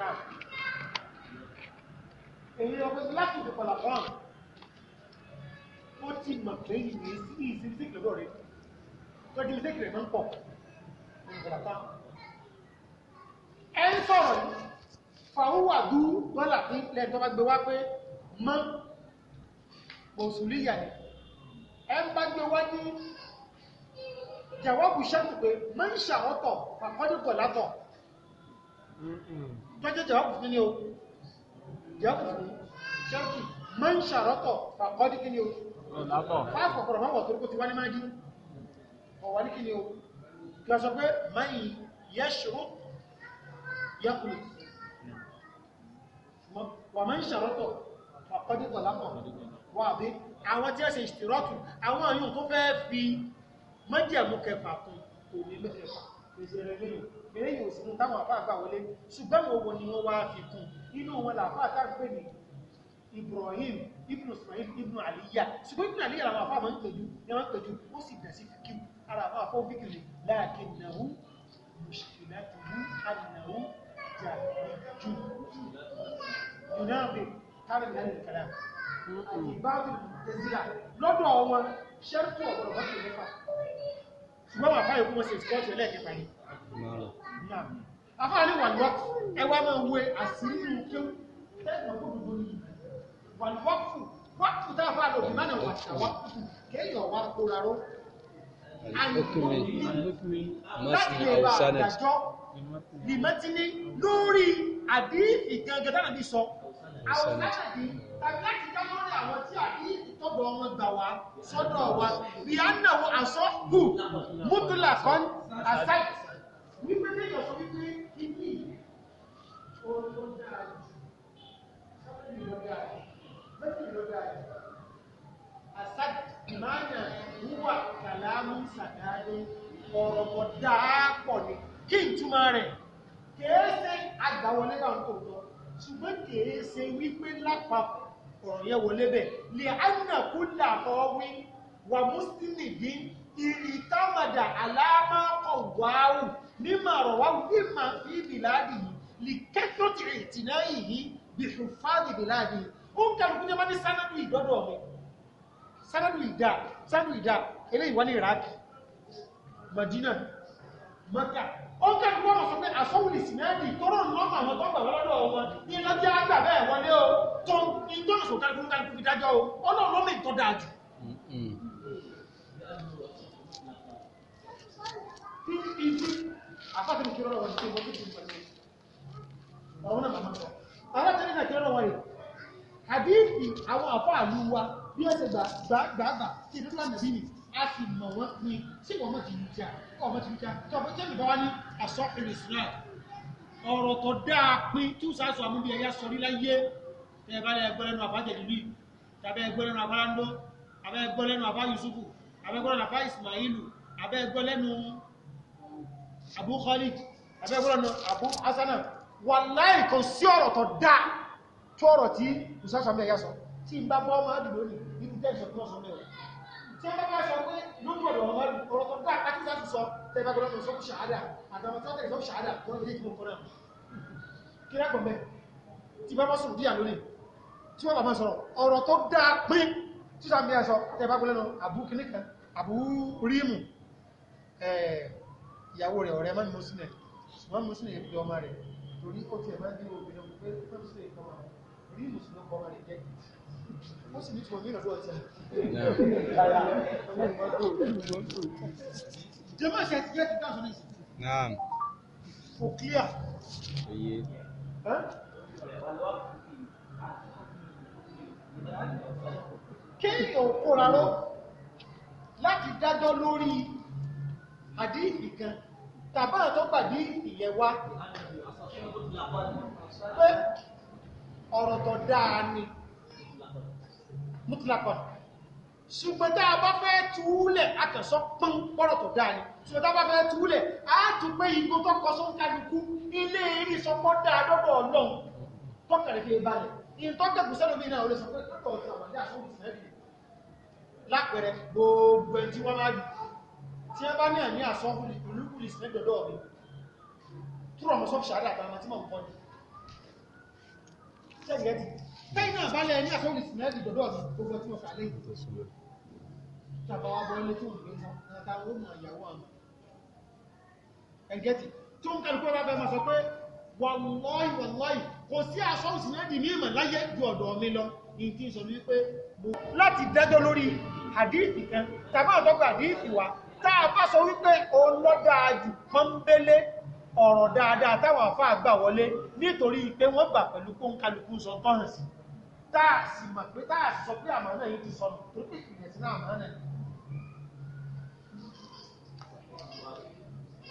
now èyí ọkọ̀ láti ìdọ̀pọ̀lá kan ó ti mọ̀ pé ìyí sí mistake lọ́dọ̀ rẹ̀ tọ́jú mistake rẹ̀ máa ń pọ̀ ìgbàlá ẹ ń sọ̀rọ̀ yìí fàúwà dú dọ́là tí lẹ́yìn tó bá gbé wá pé mọ́ mọ̀sùlíyà ni ẹ ń bá gbé wá ní jàwọ́bù ṣẹ́tù pé mọ́ ń ṣàwọ́tọ̀ pàkọ́dùkọ̀ látọ̀ jọ́jọ́ jàwọ́bù fún ní o jàwọ́bù fún ṣẹ́tù mọ́ ń ṣàrọ́tọ̀ pàkọ́dùkọ̀ ní o fáfọ̀kọ̀rọ̀ mọ́wọ̀ tó ti wá ní máa jí ọ̀wà ní kí o kí a sọ pé mọ́ يخلق ومن شرطه فقد طلقه واضح àwọn tí a ṣe ìṣtìrọ́kù àwọn àyùn tó fẹ́ fi mọ́jẹ̀mú kẹfà kún kò ní mẹ́fẹ̀fà ìṣẹ̀rẹ̀ lẹ́yìn eléyìn òsìnú táwọn àfáàfà wọlé ṣùgbọ́n owó ni wọ́n wá fi kún inú wọn làfáà tàbí ní Ibrahim يناظر هذا من هذا الكلام بعض المعتزلة lọ́dọ̀ wọn ṣẹ́rìtù ọ̀gbọ̀rọ̀ bọ́sì mẹ́fà ṣùgbọ́n wà fáyé kúmọ̀ sí ìsìkọ́ọ̀tù ẹlẹ́ẹ̀kẹfà ni afáà ní wàlúwọ́k ẹwà máa ń wé àṣírí inú kéw tẹ́gbọ̀n tó gbogbo ní wàlúwọ́kù wọ́kù tá a fà lòdì mánà wàtàwọ́kù kéèyàn wá kóra Must alùpùpù láti lè bá The lìmọ́tíní lórí àdífì gangan dára bí sọ àwọn láti tàbí láti dá lórí àwọn tí àdífì tọ́gbọ̀ wọn gbà wá sọ́dọ̀ wa bí a náwó àsọ gù mútúlà kan àsáì wípé lẹ́yìn ọ̀sán wípé ibi olóńdà ìlọ́dà ìlọ́dà àsáì ìmáàyàn wúwà kàlámù sàdáyé ọ̀rọ̀ mọ̀ dáa pọ̀ ní kí n túmọ̀ rẹ̀ kèé ṣe àgbàwọlé bá ń tó tọ́ ṣùgbọ́n kèé ṣe wípé lápapọ̀ ọ̀rọ̀ yẹn wọlé bẹ̀ lè ánà kú làkọ́ wí wà mùsùlùmí bí ìrìtàmàdà aláàmọ́kọ̀ wáwù mímọ̀ ọ̀rọ̀ wáwù bí fi bìláàdì yìí lè kẹ́tọ́ tìrì tìná yìí bí fúfáàdì bìláàdì ó ń kàlùkù jẹ́ bá ní ìdọ́dọ̀ ọ̀mẹ́ sánádù ìdá sánádù ìdá eléyìí wá ní Iraq Madina Maka ó ń kẹ́kọ̀ọ́ lọ́rọ̀ sọ pé àsọ́wùlì sìmẹ́ẹ̀dì tọ́rọ lọ́nà àwọn tó gbà wọ́lọ́dọ̀ wọn ní lọ́jọ́ àgbà bẹ́ẹ̀ wọlé o tó ń tó ń sọ̀tà fún kálukú fi dájọ́ o ọlọ́run ló mè dáa jù. ìdí àpáta ní kírọ́rọ̀ wọn ti mọ́ àwọn tẹ́lẹ̀ náà kírọ́rọ̀ wọn rè àdéhìí àwọn àfọ àlú wa a sì mọ̀ wọ́n pin tí wọ́n mọ̀ ti ń jà ọmọ ti ń jà tí ọmọ tí ìbá wa ní àsọ ìrìnsìnà ọ̀rọ̀ tó dáa pin tí ó sáà sọ àmúbi ẹ̀yà sọrí láyé tẹ́ bá lẹ́ gbọ́lẹ́nu àbájẹ̀ lílù tàbẹ́ gbọ́lẹ́nu àbárándó àbẹ́ gbọ́lẹ́nu àbá Yusufu àbẹ́ gbọ́lẹ́nu àbá Ismailu àbẹ́ gbọ́lẹ́nu Abu Khalid àbẹ́ gbọ́lẹ́nu Abu Hasana wàláì kò sí ọ̀rọ̀ tó dáa tó ọ̀rọ̀ tí ó sáà sọ àmúbi ẹ̀yà sọ tí ń bá bọ́ ọmọ àdìgbò ní ibi tẹ́ ìṣẹ̀kú tí ẹ bá sọ pé lójú ọ̀dọ̀ ọmọ rẹ̀ ọ̀rọ̀ tó dá pátí láti sọ tẹ́ bá gbọ́dọ̀ sọ fún ṣàádà àtàwọn tí wọ́n tẹ̀lé sọ ṣàádà wọ́n lè kí mo kọ́ náà kí rẹ́gbọ̀n bẹ́ẹ̀ tí bá bá sùn díà lónìí tí wọ́n bàbá sọ̀rọ̀ ọ̀rọ̀ tó dá pé tí sàmì ẹ̀sọ tẹ́ bá gbọ́dọ̀ kan àbú ìyàwó rẹ̀ ọ̀rẹ́ mọ́ ni mo sílẹ̀ ṣùgbọ́n mo sílẹ̀ ìpìlẹ̀ ọmọ rẹ̀ torí ó tiẹ̀ máa ń bí obìnrin pé ó sì lè Jẹ́mọ̀ ṣe ti jẹ́ ti dáhùn ní ìsìn. Naam. Kò clear. Oye. Kéèyàn kóra ró láti dájọ́ lórí àdí ìkan tàbá tó pàdé ìyẹ̀wá. Pé ọ̀rọ̀ tó dáa ni. Mútùlápọ̀ ṣùgbọ́n tá a bá fẹ́ túúlẹ̀ akẹ̀sọ́ pọ́n pọ́rọ̀ tó dáa ni ṣùgbọ́n tá a bá fẹ́ túúlẹ̀ á tún pé igbó tó kọ só ń kálukú ilé eré sọpọ́ dáa dọ́dọ̀ ọlọ́run tọ́kẹ̀rẹ̀ fi balẹ̀ ìtọ́kẹ̀kù sẹ́lómi náà olè sọ pé kọ́kọ̀ ọ̀tún àwọn ìyá sóhùn sẹ́lómi lápẹẹrẹ gbogbo ẹni tí wọ́n máa dùn tí wọ́n bá ní àmì àsọ́kùnrin olúkùnrin ìsìnlẹ̀ dọ́dọ̀ mi túrọ̀ mọ́ sọ́ọ̀ṣì àdá àtàwọn tí tàbá wá bọ́ọ̀lẹ́ tó ń gbé tán àtà ó mọ̀ ìyàwó àmà ẹgẹ́tì tó ń kẹ́lùkọ́ lábẹ́ ma sọ pé wàlláhì wàlláhì kò sí aṣọ òsìnẹ́dì ní ìmọ̀ láyé ju ọ̀dọ̀ mi lọ in tí sọ wípé láti dájọ́ lórí hadithi kan tàbá ọ̀dọ́gba hadithi wa tá a bá sọ wípé òun lọ dáadù pọ́nbélé ọ̀rọ̀ dáadáa táwọn àfá àgbà wọlé nítorí pé wọ́n gbà pẹ̀lú kóńkálukú sọ tọ́hàn pé táà yìí ti sọnù tó pè ìrẹsì náà àmọ́ náà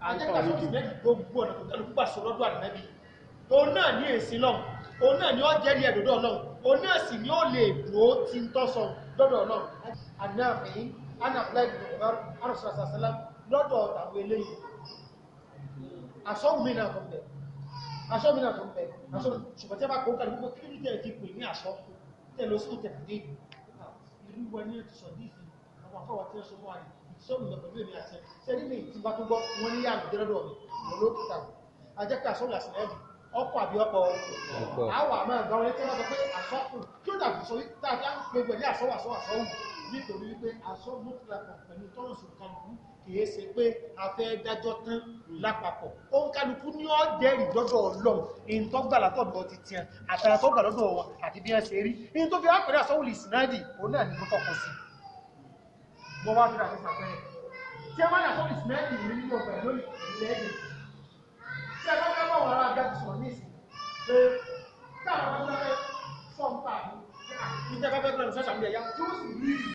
gbogbo ọ̀nà tó kálukú gbà sọ lọ́dọ̀ ànábì òun náà ní èsì lọ́hùn òun náà ni ó jẹ́rìí ẹ̀dọ̀dọ̀ ọlọ́run òun náà sì ni ó lè dúró tí ń tọ́sọ lọ́dọ̀ ọlọ́run anáàfin anáàfin ọ̀gbọ́n arọ̀sọ̀sọ̀sọ̀lá lọ́dọ̀ ọ̀tàwọ̀ eléyìí asọ́wùmí náà tó ń bẹ̀ asọ́wùmí náà tó ń bẹ̀ asọ́wùmí ṣùgbọ́n tí a bá kó kàrí púpọ̀ kí ní tẹ̀ ti pè sọ́ọ̀mù pẹ̀lú èmi àti sẹ́rí mi ti bá tó gbọ́ wọ́n ní yàrá dẹ́rọ́dọ̀ mi mo ló kìtà ajẹ́kà sọ́ọ̀lù àsìlẹ́jì ọkọ̀ àbí ọkọ̀ àwà máa gbà wọlé tí wọ́n sọ pé àsọ́kù kí ó dàbí sọ tàbí àpẹgbẹ̀ ní àsọ́wà sọ́wà sọ́wù nítorí wípé àsọ́ mọ́tìlápọ̀ pẹ̀lú tọ́rọ̀sù kàlùkù kìí ṣe pé a fẹ́ dájọ́ tán lápapọ̀ ó ń kálukú ní ọ́ jẹ́rìí dọ́dọ̀ ọlọ́run in tó gbà látọ̀dọ̀ ti tiẹ̀ àtàrà tó gbà lọ́dọ̀ one hundred and six percent tí ẹ bá yà sọ́ọ̀lì sinẹ́ẹ̀kì yìí nínú ọgbà ẹ̀ lónìí lẹ́ẹ̀dì tí ẹ bá fẹ́ bá wọn ará gáàsì sọ̀rọ̀ ní ìsìn pé táwọn bá fẹ́ fọ́ọ̀mù pààlú ìjẹ́ká fẹ́ bẹ̀rẹ̀ sọ́ọ̀sì àmì ẹ̀yà tí ó sì rí